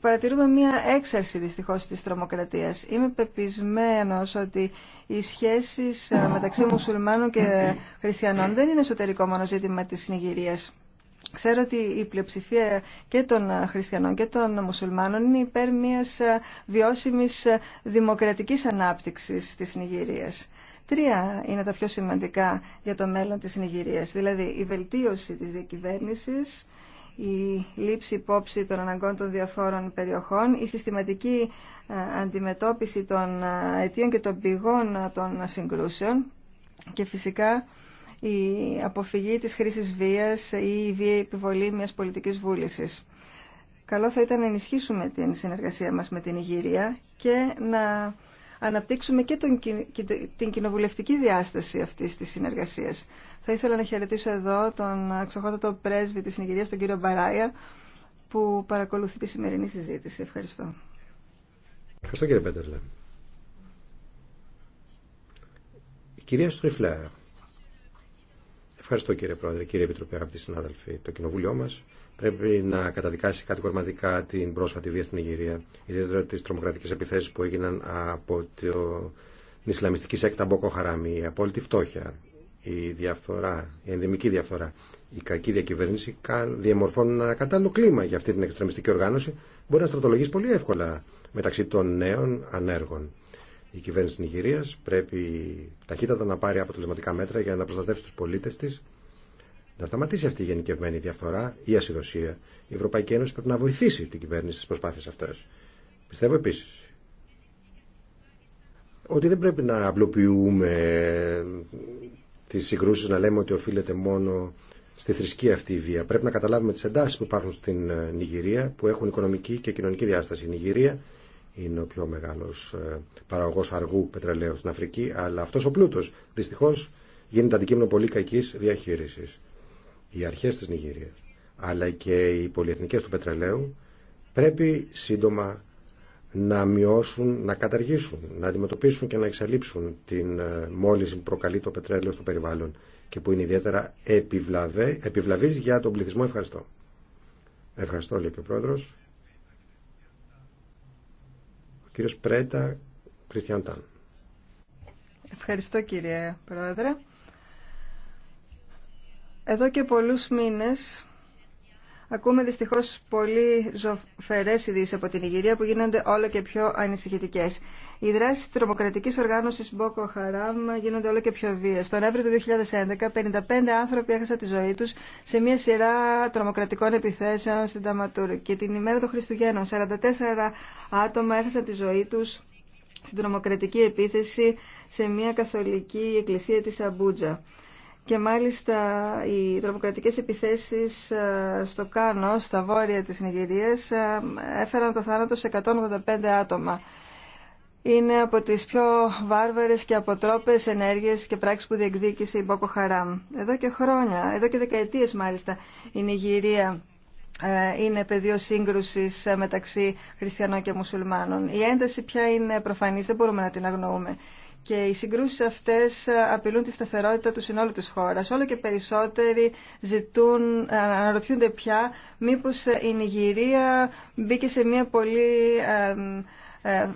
[SPEAKER 3] Παρατηρούμε μία έξαρση δυστυχώ τη τρομοκρατία. Είμαι πεπισμένο ότι οι σχέσει μεταξύ μουσουλμάνων και χριστιανών δεν είναι εσωτερικό μόνο ζήτημα τη συνηγυρία. Ξέρω ότι η πλειοψηφία και των χριστιανών και των μουσουλμάνων είναι υπέρ μιας βιώσιμης δημοκρατικής ανάπτυξης της Νιγηρίας. Τρία είναι τα πιο σημαντικά για το μέλλον της Νιγηρίας, δηλαδή η βελτίωση της διακυβέρνησης, η λήψη υπόψη των αναγκών των διαφόρων περιοχών, η συστηματική ε, αντιμετώπιση των ε, αιτίων και των πηγών των συγκρούσεων και φυσικά η αποφυγή της χρήσης βίας ή η βία επιβολή μιας πολιτικής βούλησης. Καλό θα ήταν να ενισχύσουμε την συνεργασία μας με την Ιγυρία και να αναπτύξουμε και τον, την κοινοβουλευτική διάσταση αυτής της συνεργασίας. Θα ήθελα να χαιρετήσω εδώ τον αξιοχότατο πρέσβη της Ιγυρίας, τον κύριο Μπαράια, που παρακολουθεί τη σημερινή συζήτηση. Ευχαριστώ.
[SPEAKER 1] Ευχαριστώ κύριε Πέτερλε. κυρία Στριφλέα. Ευχαριστώ κύριε Πρόεδρε, κύριε Επιτροπή, αγαπητοί συνάδελφοι. Το κοινοβούλιο μα πρέπει να καταδικάσει κατηγορηματικά την πρόσφατη βία στην Ιγυρία, ιδιαίτερα τι τρομοκρατικέ επιθέσει που έγιναν από το... την Ισλαμιστική σέκτα Μπόκο η απόλυτη φτώχεια, η διαφθορά, η ενδημική διαφθορά, η κακή διακυβέρνηση διαμορφώνουν ένα κατάλληλο κλίμα για αυτή την εξτρεμιστική οργάνωση μπορεί να στρατολογήσει πολύ εύκολα μεταξύ των νέων ανέργων η κυβέρνηση της Νιγηρίας πρέπει ταχύτατα να πάρει αποτελεσματικά μέτρα για να προστατεύσει τους πολίτες της, να σταματήσει αυτή η γενικευμένη διαφθορά ή ασυδοσία. Η Ευρωπαϊκή Ένωση πρέπει να βοηθήσει την κυβέρνηση στις προσπάθειες αυτές. Πιστεύω επίσης ότι δεν πρέπει να απλοποιούμε τις συγκρούσεις, να λέμε ότι οφείλεται μόνο στη θρησκεία αυτή η βία. Πρέπει να καταλάβουμε τις εντάσεις που υπάρχουν στην Νιγηρία, που έχουν οικονομική και κοινωνική διάσταση. Η Νιγηρία είναι ο πιο μεγάλος ε, παραγωγός αργού πετρελαίου στην Αφρική, αλλά αυτός ο πλούτος δυστυχώς γίνεται αντικείμενο πολύ κακής διαχείρισης. Οι αρχές της Νιγηρίας, αλλά και οι πολυεθνικές του πετρελαίου, πρέπει σύντομα να μειώσουν, να καταργήσουν, να αντιμετωπίσουν και να εξαλείψουν την ε, μόλυνση που προκαλεί το πετρέλαιο στο περιβάλλον και που είναι ιδιαίτερα επιβλαβή για τον πληθυσμό. Ευχαριστώ. Ευχαριστώ, λέει και ο Πρόεδρος. Κύριος πρέτα Κριστιαν
[SPEAKER 3] Ευχαριστώ κύριε Πρόεδρε. Εδώ και πολλούς μήνες Ακούμε δυστυχώ πολύ ζωφερέ ειδήσει από την Ιγυρία που γίνονται όλο και πιο ανησυχητικέ. Οι δράσει τη τρομοκρατική οργάνωση Μπόκο Χαράμ γίνονται όλο και πιο βίες. Τον Νοέμβριο του 2011, 55 άνθρωποι έχασαν τη ζωή του σε μια σειρά τρομοκρατικών επιθέσεων στην Ταματούρ. Και την ημέρα των Χριστουγέννων, 44 άτομα έχασαν τη ζωή του στην τρομοκρατική επίθεση σε μια καθολική εκκλησία τη Αμπούτζα. Και μάλιστα οι τρομοκρατικές επιθέσεις ε, στο Κάνο, στα βόρεια της Νιγηρίας, ε, έφεραν το θάνατο σε 185 άτομα. Είναι από τις πιο βάρβαρες και αποτρόπες ενέργειες και πράξεις που διεκδίκησε η Μπόκο Χαράμ. Εδώ και χρόνια, εδώ και δεκαετίες μάλιστα, η Νιγηρία ε, είναι πεδίο σύγκρουση μεταξύ χριστιανών και μουσουλμάνων. Η ένταση πια είναι προφανή, δεν μπορούμε να την αγνοούμε και οι συγκρούσεις αυτές απειλούν τη σταθερότητα του συνόλου της χώρας. Όλο και περισσότεροι ζητούν, αναρωτιούνται πια μήπως η Νιγηρία μπήκε σε μια πολύ ε, ε,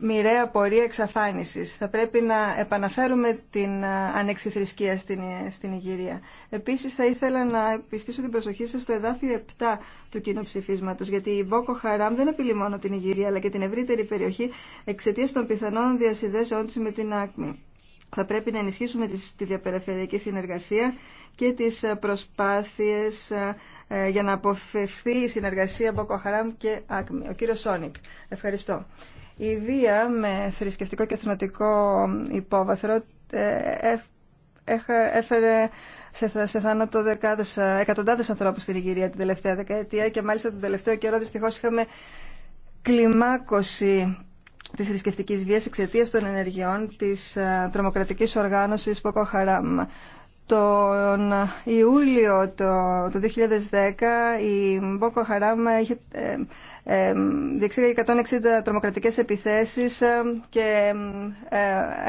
[SPEAKER 3] μοιραία πορεία εξαφάνισης. Θα πρέπει να επαναφέρουμε την ανεξιθρησκεία στην, στην Ιγυρία. Επίσης θα ήθελα να επιστήσω την προσοχή σας στο εδάφιο 7 του κοινού ψηφίσματος, γιατί η Μπόκο Χαράμ δεν απειλεί μόνο την Ιγυρία, αλλά και την ευρύτερη περιοχή εξαιτίας των πιθανών διασυνδέσεών της με την ΑΚΜΗ. Θα πρέπει να ενισχύσουμε τη διαπεραφερειακή συνεργασία και τις προσπάθειες ε, για να αποφευθεί η συνεργασία Μποκοχαράμ και ΑΚΜΗ. Ο κύριος Σόνικ. Ευχαριστώ. Η βία με θρησκευτικό και εθνοτικό υπόβαθρο ε, ε, έφερε σε, θάνατο δεκάδες, ε, εκατοντάδες ανθρώπους στην Ιγυρία την τελευταία δεκαετία και μάλιστα τον τελευταίο καιρό δυστυχώς είχαμε κλιμάκωση της θρησκευτικής βίας εξαιτία των ενεργειών τη τρομοκρατική οργάνωσης Ποκοχαράμ. Τον Ιούλιο το, το 2010 η Μπόκο Χαράμ είχε ε, 160 ε, τρομοκρατικές επιθέσεις ε, και ε,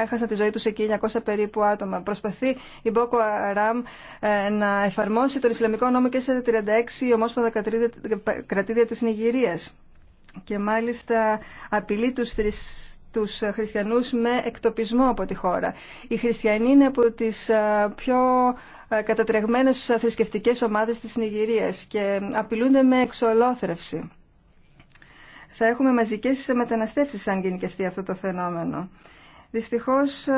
[SPEAKER 3] έχασαν τη ζωή τους εκεί 900 περίπου άτομα. Προσπαθεί η Μπόκο Χαράμ να εφαρμόσει τον Ισλαμικό νόμο και σε 36 ομόσπονδα κρατήδια της Νιγηρίας. Και μάλιστα απειλεί τους τους χριστιανούς με εκτοπισμό από τη χώρα. Οι χριστιανοί είναι από τις ε, πιο ε, κατατρεγμένες θρησκευτικές ομάδες της Νιγηρίας και απειλούνται με εξολόθρευση. Θα έχουμε μαζικές μεταναστεύσεις αν γενικευτεί αυτό το φαινόμενο. Δυστυχώς ε,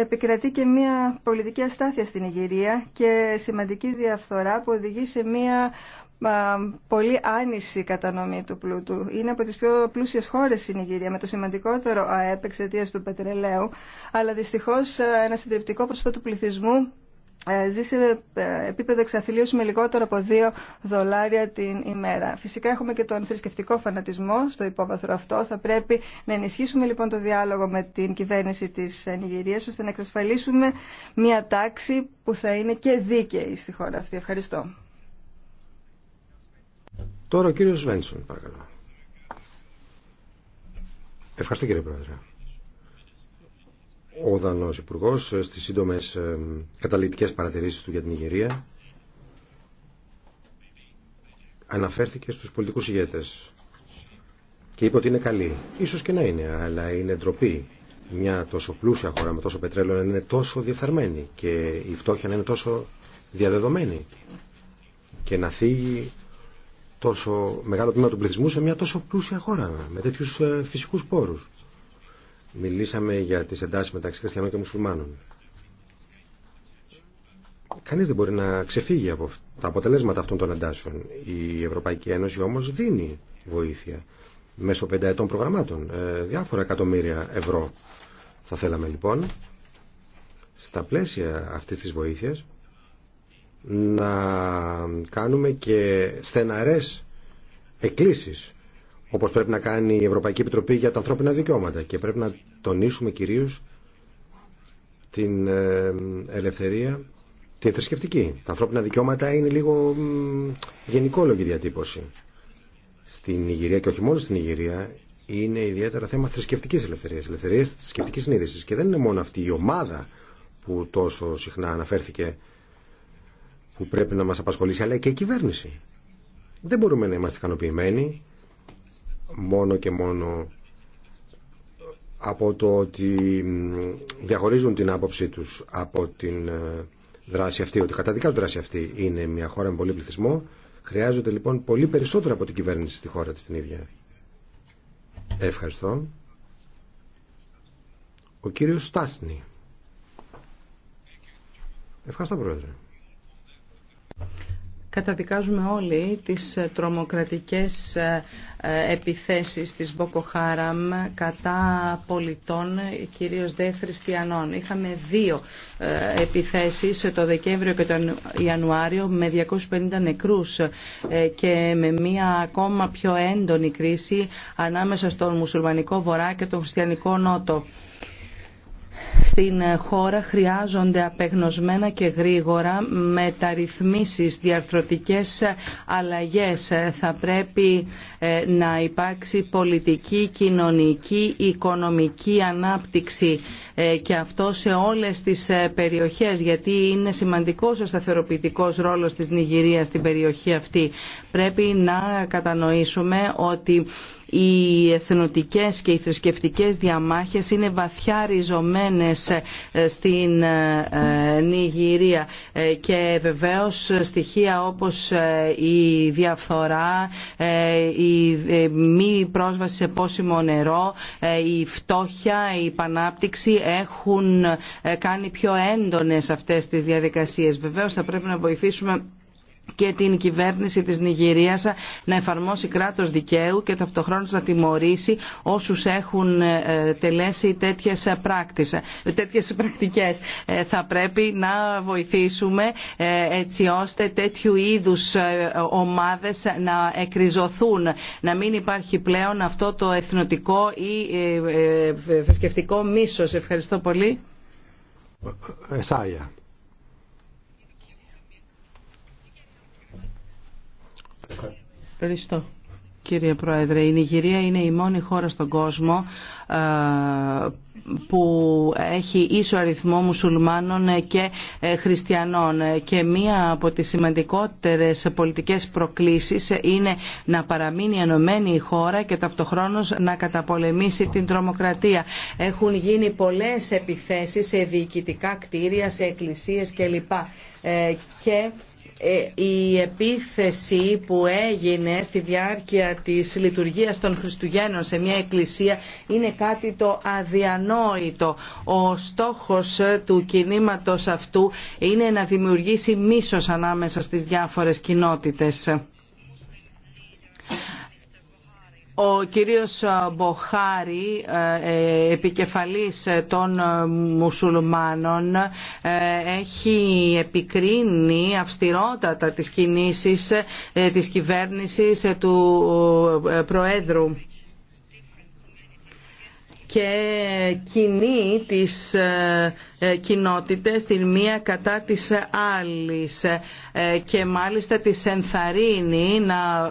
[SPEAKER 3] επικρατεί και μια πολιτική αστάθεια στην Ιγυρία και σημαντική διαφθορά που οδηγεί σε μια πολύ άνηση κατανομή του πλούτου. Είναι από τις πιο πλούσιες χώρες η Νιγηρία με το σημαντικότερο ΑΕΠ εξαιτία του πετρελαίου, αλλά δυστυχώς ε, ένα συντριπτικό ποσοστό του πληθυσμού ε, ζει σε ε, επίπεδο εξαθλίωση με λιγότερο από 2 δολάρια την ημέρα. Φυσικά έχουμε και τον θρησκευτικό φανατισμό στο υπόβαθρο αυτό. Θα πρέπει να ενισχύσουμε λοιπόν το διάλογο με την κυβέρνηση της Νιγηρίας ώστε να εξασφαλίσουμε μια τάξη που θα είναι και δίκαιη στη χώρα αυτή. Ευχαριστώ.
[SPEAKER 1] Τώρα ο κύριος Βένσον, παρακαλώ. Ευχαριστώ κύριε Πρόεδρε. Ο Δανός Υπουργό ε, στις σύντομες ε, καταληκτικές παρατηρήσεις του για την Ιγυρία αναφέρθηκε στους πολιτικούς ηγέτες και είπε ότι είναι καλή. Ίσως και να είναι, αλλά είναι ντροπή μια τόσο πλούσια χώρα με τόσο πετρέλαιο να είναι τόσο διεφθαρμένη και η φτώχεια να είναι τόσο διαδεδομένη και να θίγει τόσο μεγάλο τμήμα του πληθυσμού σε μια τόσο πλούσια χώρα με τέτοιους ε, φυσικούς πόρους. Μιλήσαμε για τι εντάσεις μεταξύ χριστιανών και μουσουλμάνων. Κανεί δεν μπορεί να ξεφύγει από τα αποτελέσματα αυτών των εντάσεων. Η Ευρωπαϊκή Ένωση όμως δίνει βοήθεια μέσω πενταετών προγραμμάτων, ε, διάφορα εκατομμύρια ευρώ. Θα θέλαμε λοιπόν στα πλαίσια αυτή τη βοήθεια να κάνουμε και στεναρές εκκλήσεις όπως πρέπει να κάνει η Ευρωπαϊκή Επιτροπή για τα ανθρώπινα δικαιώματα και πρέπει να τονίσουμε κυρίως την ε, ελευθερία, την θρησκευτική. Τα ανθρώπινα δικαιώματα είναι λίγο γενικόλογη διατύπωση. Στην Ιγυρία και όχι μόνο στην Ιγυρία είναι ιδιαίτερα θέμα θρησκευτικής ελευθερίας, ελευθερίας θρησκευτικής συνείδησης και δεν είναι μόνο αυτή η ομάδα που τόσο συχνά αναφέρθηκε που πρέπει να μας απασχολήσει, αλλά και η κυβέρνηση. Δεν μπορούμε να είμαστε ικανοποιημένοι μόνο και μόνο από το ότι διαχωρίζουν την άποψή τους από την ε, δράση αυτή, ότι κατά δικά του δράση αυτή. Είναι μια χώρα με πολύ πληθυσμό, χρειάζονται λοιπόν πολύ περισσότερο από την κυβέρνηση στη χώρα της την ίδια. Ευχαριστώ. Ο κύριος Στάσνη. Ευχαριστώ, Πρόεδρε.
[SPEAKER 2] Καταδικάζουμε όλοι τις ε, τρομοκρατικές ε, ε, επιθέσεις της Μποκοχάραμ κατά πολιτών, κυρίως δε χριστιανών. Είχαμε δύο επιθέσεις το Δεκέμβριο και τον Ιανουάριο με 250 νεκρούς και με μία ακόμα πιο έντονη κρίση ανάμεσα στον μουσουλμανικό βορρά και τον χριστιανικό νότο στην ε, χώρα χρειάζονται απεγνωσμένα και γρήγορα μεταρρυθμίσεις, διαρθρωτικές ε, αλλαγές. Ε, θα πρέπει να υπάρξει πολιτική, κοινωνική, οικονομική ανάπτυξη και αυτό σε όλες τις περιοχές γιατί είναι σημαντικός ο σταθεροποιητικός ρόλος της Νιγηρίας στην περιοχή αυτή. Πρέπει να κατανοήσουμε ότι οι εθνοτικές και οι θρησκευτικές διαμάχες είναι βαθιά ριζωμένες ε, στην ε, ε, Νιγηρία και βεβαίως στοιχεία όπως η διαφθορά, η μη πρόσβαση σε πόσιμο νερό, η φτώχεια, η πανάπτυξη έχουν κάνει πιο έντονες αυτές τις διαδικασίες. Βεβαίως θα πρέπει να βοηθήσουμε και την κυβέρνηση της Νιγηρίας να εφαρμόσει κράτος δικαίου και ταυτοχρόνως να τιμωρήσει όσους έχουν ε, τελέσει τέτοιες, πράκτης, ε, τέτοιες πρακτικές. Ε, θα πρέπει να βοηθήσουμε έτσι ώστε τέτοιου είδους ομάδες να εκριζωθούν, να μην υπάρχει πλέον αυτό το εθνοτικό ή θρησκευτικό μίσος. Ευχαριστώ πολύ. Ευχαριστώ. Κύριε Πρόεδρε, η Νιγηρία είναι η μόνη χώρα στον κόσμο ε, που έχει ίσο αριθμό μουσουλμάνων και ε, χριστιανών και μία από τις σημαντικότερες πολιτικές προκλήσεις είναι να παραμείνει ενωμένη η χώρα και ταυτοχρόνως να καταπολεμήσει την τρομοκρατία. Έχουν γίνει πολλές επιθέσεις σε διοικητικά κτίρια, σε εκκλησίες κλπ. Ε, και ε, η επίθεση που έγινε στη διάρκεια της λειτουργίας των Χριστουγέννων σε μια εκκλησία είναι κάτι το αδιανόητο. Ο στόχος του κινήματος αυτού είναι να δημιουργήσει μίσος ανάμεσα στις διάφορες κοινότητες. Ο κύριος Μποχάρη, ε, ε, επικεφαλής των μουσουλμάνων, ε, έχει επικρίνει αυστηρότατα τις κινήσεις της κυβέρνησης του Προέδρου και κοινή τις ε, κοινότητες την μία κατά της άλλης ε, και μάλιστα τις ενθαρρύνει να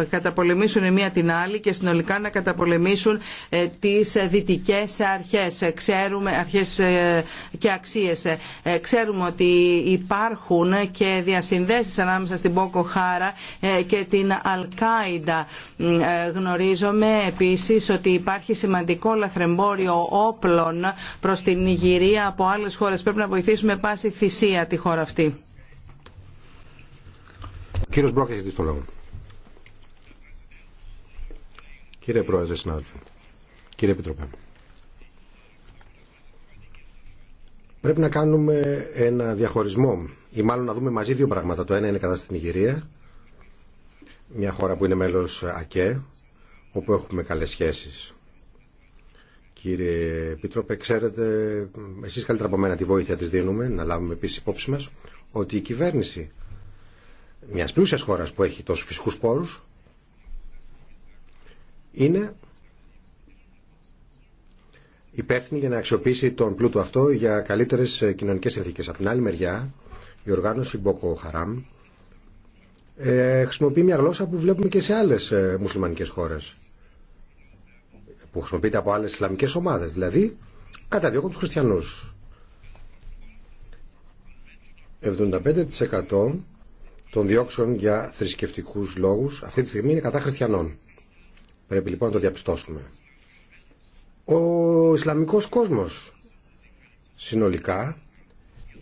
[SPEAKER 2] ε, καταπολεμήσουν η μία την άλλη και συνολικά να καταπολεμήσουν τις δυτικές αρχές ξέρουμε, αρχές και αξίες. Ξέρουμε ότι υπάρχουν και διασυνδέσεις ανάμεσα στην Πόκο Χάρα και την Αλκάιντα. Γνωρίζομαι επίσης ότι υπάρχει σημαντικό ο όπλων προ την Νιγηρία από άλλες χώρες. Πρέπει να βοηθήσουμε πάση θυσία τη χώρα αυτή.
[SPEAKER 1] Μπρόκ, το λόγο. Κύριε Πρόεδρε, συνάδελφοι, κύριε Επιτροπέ, πρέπει να κάνουμε ένα διαχωρισμό ή μάλλον να δούμε μαζί δύο πράγματα. Το ένα είναι κατά στην Ιγυρία, μια χώρα που είναι μέλος ΑΚΕ, όπου έχουμε καλές σχέσεις Κύριε Πίτροπε, ξέρετε, εσείς καλύτερα από μένα τη βοήθεια της δίνουμε, να λάβουμε επίση υπόψη μας, ότι η κυβέρνηση μιας πλούσιας χώρας που έχει τόσους φυσικούς πόρους είναι υπεύθυνη για να αξιοποιήσει τον πλούτο αυτό για καλύτερες κοινωνικές συνθήκες. Από την άλλη μεριά, η οργάνωση Μπόκο Χαράμ ε, χρησιμοποιεί μια γλώσσα που βλέπουμε και σε άλλες ε, μουσουλμανικές χώρες που χρησιμοποιείται από άλλες Ισλαμικές ομάδες, δηλαδή καταδιώκουν τους χριστιανούς. 75% των διώξεων για θρησκευτικούς λόγους αυτή τη στιγμή είναι κατά χριστιανών. Πρέπει λοιπόν να το διαπιστώσουμε. Ο Ισλαμικός κόσμος συνολικά,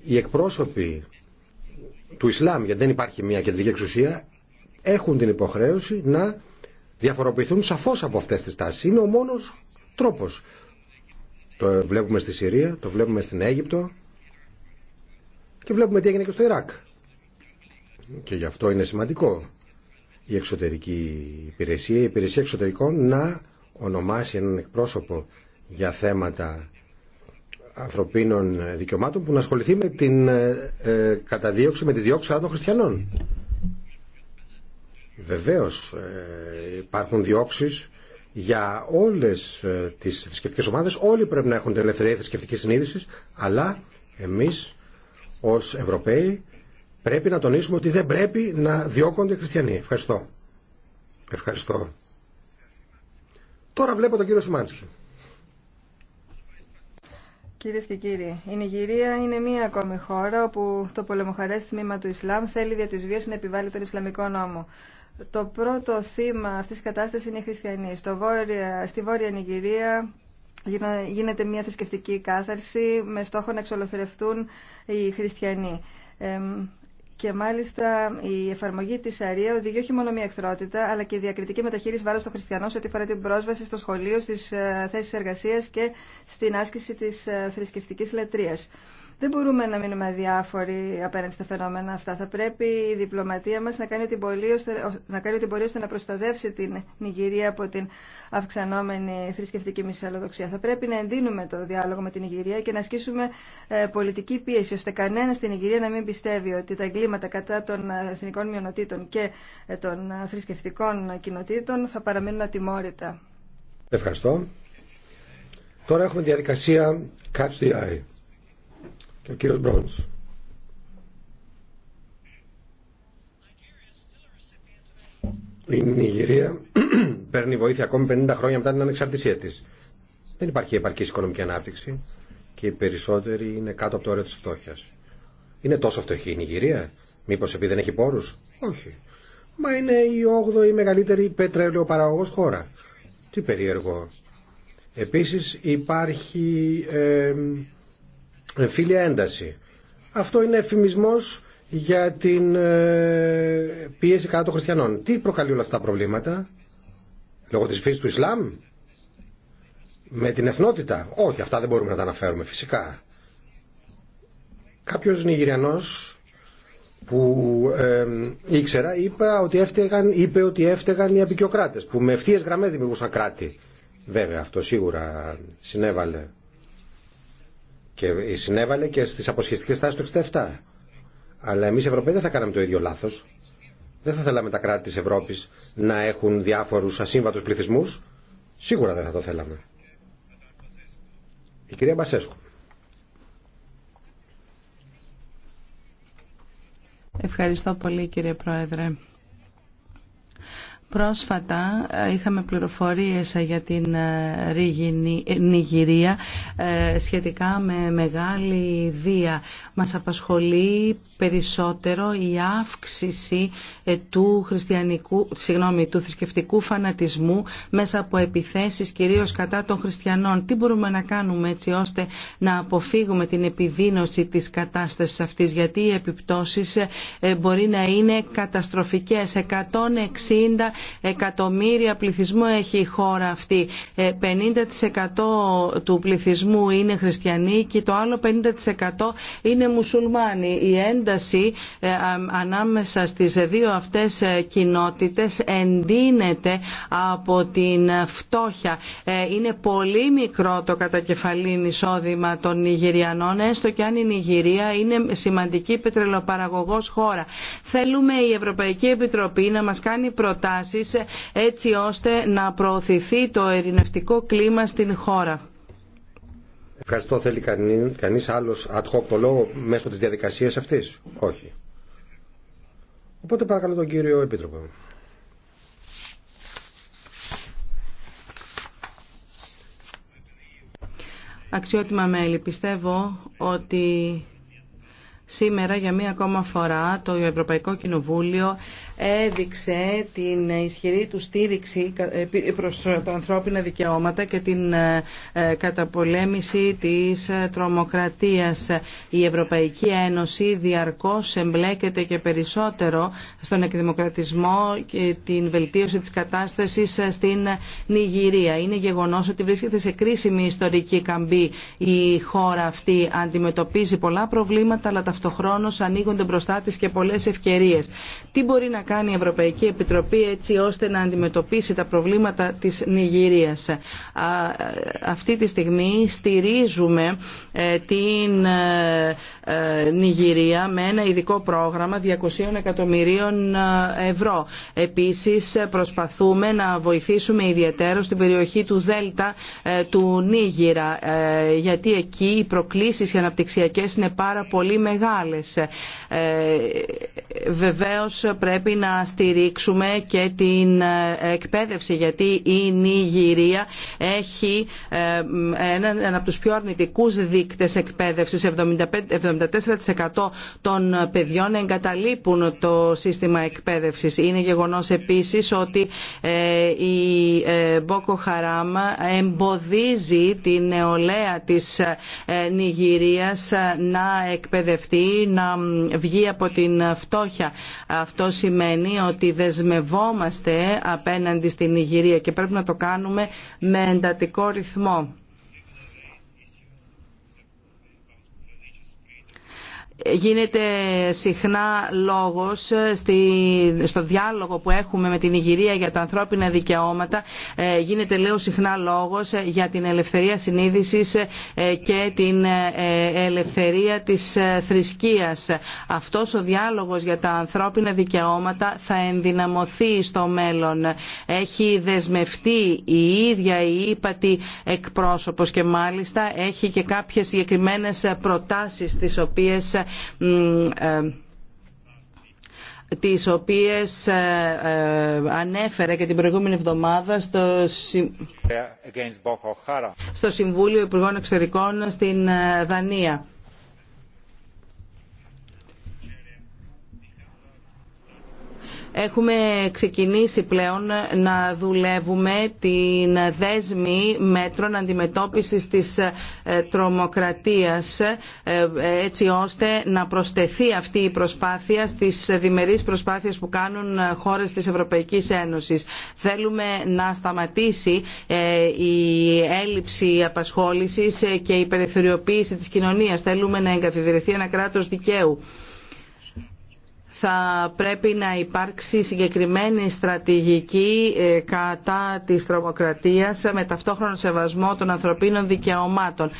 [SPEAKER 1] οι εκπρόσωποι του Ισλάμ, γιατί δεν υπάρχει μια κεντρική εξουσία, έχουν την υποχρέωση να διαφοροποιηθούν σαφώς από αυτές τις τάσεις. Είναι ο μόνος τρόπος. Το βλέπουμε στη Συρία, το βλέπουμε στην Αίγυπτο και βλέπουμε τι έγινε και στο Ιράκ. Και γι' αυτό είναι σημαντικό η εξωτερική υπηρεσία, η υπηρεσία εξωτερικών να ονομάσει έναν εκπρόσωπο για θέματα ανθρωπίνων δικαιωμάτων που να ασχοληθεί με την ε, ε, καταδίωξη, με τις διώξεις των χριστιανών. Βεβαίως ε, υπάρχουν διώξεις για όλες ε, τις θρησκευτικέ ομάδες. Όλοι πρέπει να έχουν την ελευθερία θρησκευτικής συνείδησης, αλλά εμείς ως Ευρωπαίοι πρέπει να τονίσουμε ότι δεν πρέπει να διώκονται οι χριστιανοί. Ευχαριστώ. Ευχαριστώ. Τώρα βλέπω τον κύριο Σουμάντσικη.
[SPEAKER 3] Κυρίε και κύριοι, η Νιγηρία είναι μία ακόμη χώρα όπου το πολεμοχαρέ τμήμα του Ισλάμ θέλει δια τη βία να επιβάλλει τον Ισλαμικό νόμο. Το πρώτο θύμα αυτής της κατάστασης είναι οι χριστιανοί. Στο βόρεια, στη Βόρεια Νιγηρία γίνεται μια θρησκευτική κάθαρση με στόχο να εξολοθρευτούν οι χριστιανοί. Και μάλιστα η εφαρμογή της ΑΡΙΑ οδηγεί όχι μόνο μια εχθρότητα, αλλά και διακριτική μεταχείριση βάρος των χριστιανών σε ό,τι αφορά την πρόσβαση στο σχολείο, στις ε, θέσεις εργασία και στην άσκηση της ε, θρησκευτικής λατρεία. Δεν μπορούμε να μείνουμε αδιάφοροι απέναντι στα φαινόμενα αυτά. Θα πρέπει η διπλωματία μας να κάνει ό,τι μπορεί ώστε να, κάνει να προστατεύσει την Νιγηρία από την αυξανόμενη θρησκευτική μυσαλλοδοξία. Θα πρέπει να εντείνουμε το διάλογο με την Νιγηρία και να ασκήσουμε ε, πολιτική πίεση ώστε κανένα στην Νιγηρία να μην πιστεύει ότι τα εγκλήματα κατά των εθνικών μειονοτήτων και ε, των θρησκευτικών κοινοτήτων θα παραμείνουν ατιμόρυτα.
[SPEAKER 1] Ευχαριστώ. Τώρα έχουμε διαδικασία Catch the Eye και ο κύριος Μπρόνς. Η Νιγηρία παίρνει βοήθεια ακόμη 50 χρόνια μετά την ανεξαρτησία της. Δεν υπάρχει επαρκής οικονομική ανάπτυξη και οι περισσότεροι είναι κάτω από το όριο της φτώχειας. Είναι τόσο φτωχή η Νιγηρία, μήπως επειδή δεν έχει πόρους. Όχι. Μα είναι η 8η μεγαλύτερη πετρέλαιο παραγωγός χώρα. Τι περίεργο. Επίσης υπάρχει ε, φίλια ένταση. Αυτό είναι εφημισμός για την ε, πίεση κατά των χριστιανών. Τι προκαλεί όλα αυτά τα προβλήματα, λόγω της φύσης του Ισλάμ, με την εθνότητα. Όχι, αυτά δεν μπορούμε να τα αναφέρουμε φυσικά. Κάποιος Νιγηριανός που ήξερα είπα ότι είπε ότι έφταιγαν οι απεικιοκράτες που με ευθείε γραμμές δημιουργούσαν κράτη. Βέβαια αυτό σίγουρα συνέβαλε και συνέβαλε και στις αποσχεστικές τάσεις του 67. Αλλά εμείς οι Ευρωπαίοι δεν θα κάναμε το ίδιο λάθος. Δεν θα θέλαμε τα κράτη της Ευρώπης να έχουν διάφορους ασύμβατους πληθυσμού. Σίγουρα δεν θα το θέλαμε. Η κυρία Μπασέσκου.
[SPEAKER 2] Ευχαριστώ πολύ κύριε Πρόεδρε. Πρόσφατα ε, είχαμε πληροφορίες ε, για την ε, Νιγηρία σχετικά με μεγάλη βία. Μας απασχολεί περισσότερο η αύξηση ε, του, χριστιανικού, συγγνώμη, του θρησκευτικού φανατισμού μέσα από επιθέσεις κυρίως κατά των χριστιανών. Τι μπορούμε να κάνουμε έτσι ώστε να αποφύγουμε την επιδείνωση της κατάστασης αυτής γιατί οι επιπτώσεις ε, ε, μπορεί να είναι καταστροφικές. 160 εκατομμύρια πληθυσμού έχει η χώρα αυτή. 50% του πληθυσμού είναι χριστιανοί και το άλλο 50% είναι μουσουλμάνοι. Η ε, ανάμεσα στις δύο αυτές ε, κοινότητες εντείνεται από την φτώχεια. Ε, είναι πολύ μικρό το κατακεφαλήν εισόδημα των Νιγηριανών, έστω και αν η Νιγηρία είναι σημαντική πετρελοπαραγωγός χώρα. Θέλουμε η Ευρωπαϊκή Επιτροπή να μας κάνει προτάσεις έτσι ώστε να προωθηθεί το ερηνευτικό κλίμα στην χώρα.
[SPEAKER 1] Ευχαριστώ. Θέλει κανεί, κανείς άλλος ad hoc το λόγο μέσω της διαδικασίας αυτής. Όχι. Οπότε παρακαλώ τον κύριο Επίτροπο.
[SPEAKER 2] Αξιότιμα μέλη, πιστεύω ότι σήμερα για μία ακόμα φορά το Ευρωπαϊκό Κοινοβούλιο έδειξε την ισχυρή του στήριξη προς τα ανθρώπινα δικαιώματα και την ε, καταπολέμηση της τρομοκρατίας. Η Ευρωπαϊκή Ένωση διαρκώς εμπλέκεται και περισσότερο στον εκδημοκρατισμό και την βελτίωση της κατάστασης στην Νιγηρία. Είναι γεγονός ότι βρίσκεται σε κρίσιμη ιστορική καμπή η χώρα αυτή αντιμετωπίζει πολλά προβλήματα αλλά ταυτοχρόνως ανοίγονται μπροστά της και πολλές ευκαιρίες. Τι μπορεί να κάνει η Ευρωπαϊκή Επιτροπή έτσι ώστε να αντιμετωπίσει τα προβλήματα της Νιγηρίας. Αυτή τη στιγμή στηρίζουμε ε, την ε, ε, Νιγηρία με ένα ειδικό πρόγραμμα 200 εκατομμυρίων ε, ευρώ. Επίσης προσπαθούμε να βοηθήσουμε ιδιαίτερο στην περιοχή του Δέλτα ε, του Νίγηρα γιατί εκεί οι προκλήσεις οι αναπτυξιακές είναι πάρα πολύ μεγάλες. Βεβαίως πρέπει να στηρίξουμε και την εκπαίδευση γιατί η Νιγηρία έχει έναν από τους πιο αρνητικούς δείκτες εκπαίδευσης 75 74% των παιδιών εγκαταλείπουν το σύστημα εκπαίδευσης. Είναι γεγονός επίσης ότι ε, η ε, Μπόκο εμποδίζει την νεολαία της ε, Νιγηρίας να εκπαιδευτεί, να βγει από την φτώχεια. Αυτό σημαίνει ότι δεσμευόμαστε απέναντι στην Νιγηρία και πρέπει να το κάνουμε με εντατικό ρυθμό. γίνεται συχνά λόγος στο διάλογο που έχουμε με την Ιγυρία για τα ανθρώπινα δικαιώματα ε, γίνεται λέω συχνά λόγος για την ελευθερία συνείδησης ε, και την ε, ελευθερία της θρησκείας. Αυτός ο διάλογος για τα ανθρώπινα δικαιώματα θα ενδυναμωθεί στο μέλλον. Έχει δεσμευτεί η ίδια η ύπατη εκπρόσωπος και μάλιστα έχει και κάποιες συγκεκριμένες προτάσεις τις οποίες ε, τις οποίες ε, ε, ανέφερε και την προηγούμενη εβδομάδα στο, στο Συμβούλιο Υπουργών Εξωτερικών στην Δανία. Έχουμε ξεκινήσει πλέον να δουλεύουμε την δέσμη μέτρων αντιμετώπισης της ε, τρομοκρατίας ε, έτσι ώστε να προσθεθεί αυτή η προσπάθεια στις διμερείς προσπάθειες που κάνουν ε, χώρες της Ευρωπαϊκής Ένωσης. Θέλουμε να σταματήσει η έλλειψη απασχόλησης και η περιθωριοποίηση της κοινωνίας. Θέλουμε να εγκαθιδρυθεί ένα κράτος δικαίου θα πρέπει να υπάρξει συγκεκριμένη στρατηγική ε, κατά της τρομοκρατίας με ταυτόχρονο σεβασμό των ανθρωπίνων δικαιωμάτων.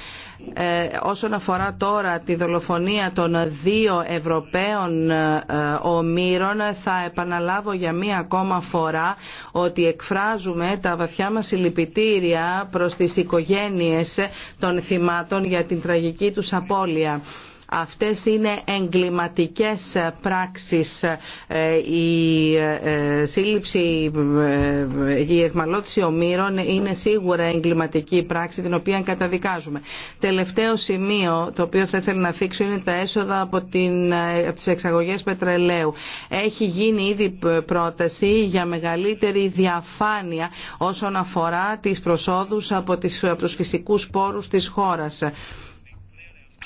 [SPEAKER 2] Ε, όσον αφορά τώρα τη δολοφονία των δύο Ευρωπαίων ε, ομήρων θα επαναλάβω για μία ακόμα φορά ότι εκφράζουμε τα βαθιά μας συλληπιτήρια προς τις οικογένειες των θυμάτων για την τραγική τους απώλεια. Αυτές είναι εγκληματικές πράξεις. Ε, η ε, σύλληψη, ε, η εγμαλώτηση ομήρων είναι σίγουρα εγκληματική πράξη την οποία καταδικάζουμε. Τελευταίο σημείο το οποίο θα ήθελα να θίξω είναι τα έσοδα από, την, από τις εξαγωγές πετρελαίου. Έχει γίνει ήδη πρόταση για μεγαλύτερη διαφάνεια όσον αφορά τις προσόδους από, τις, από τους φυσικούς πόρους της χώρας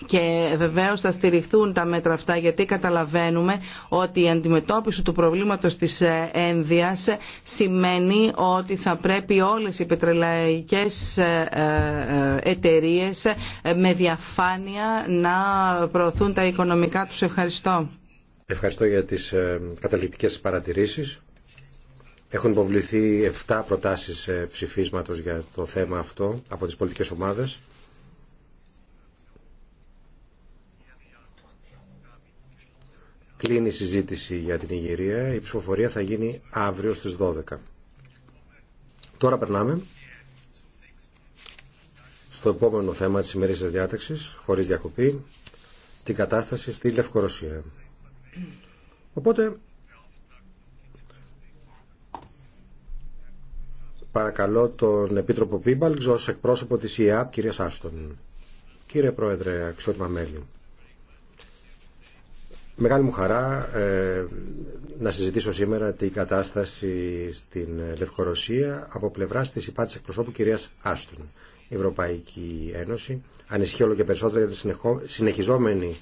[SPEAKER 2] και βεβαίως θα στηριχθούν τα μέτρα αυτά γιατί καταλαβαίνουμε ότι η αντιμετώπιση του προβλήματος της ε, ένδυας σημαίνει ότι θα πρέπει όλες οι πετρελαϊκές ε, ε, εταιρείες με διαφάνεια να προωθούν τα οικονομικά τους. Ευχαριστώ.
[SPEAKER 1] Ευχαριστώ για τις καταληκτικές παρατηρήσεις. Έχουν υποβληθεί 7 προτάσεις ψηφίσματος για το θέμα αυτό από τις πολιτικές ομάδες. Κλείνει η συζήτηση για την Ιγυρία. Η ψηφοφορία θα γίνει αύριο στις 12. Τώρα περνάμε στο επόμενο θέμα της ημερήσιας διάταξης, χωρίς διακοπή, την κατάσταση στη Λευκορωσία. Οπότε, παρακαλώ τον Επίτροπο Πίμπαλξ ως εκπρόσωπο της ΙΑΠ, κυρία Σάστον. Κύριε Πρόεδρε, αξιότιμα μέλη. Μεγάλη μου χαρά ε, να συζητήσω σήμερα την κατάσταση στην Λευκορωσία από πλευρά τη υπάτη εκπροσώπου κυρία Άστον. Η Ευρωπαϊκή Ένωση ανησυχεί όλο και περισσότερο για τη συνεχιζόμενη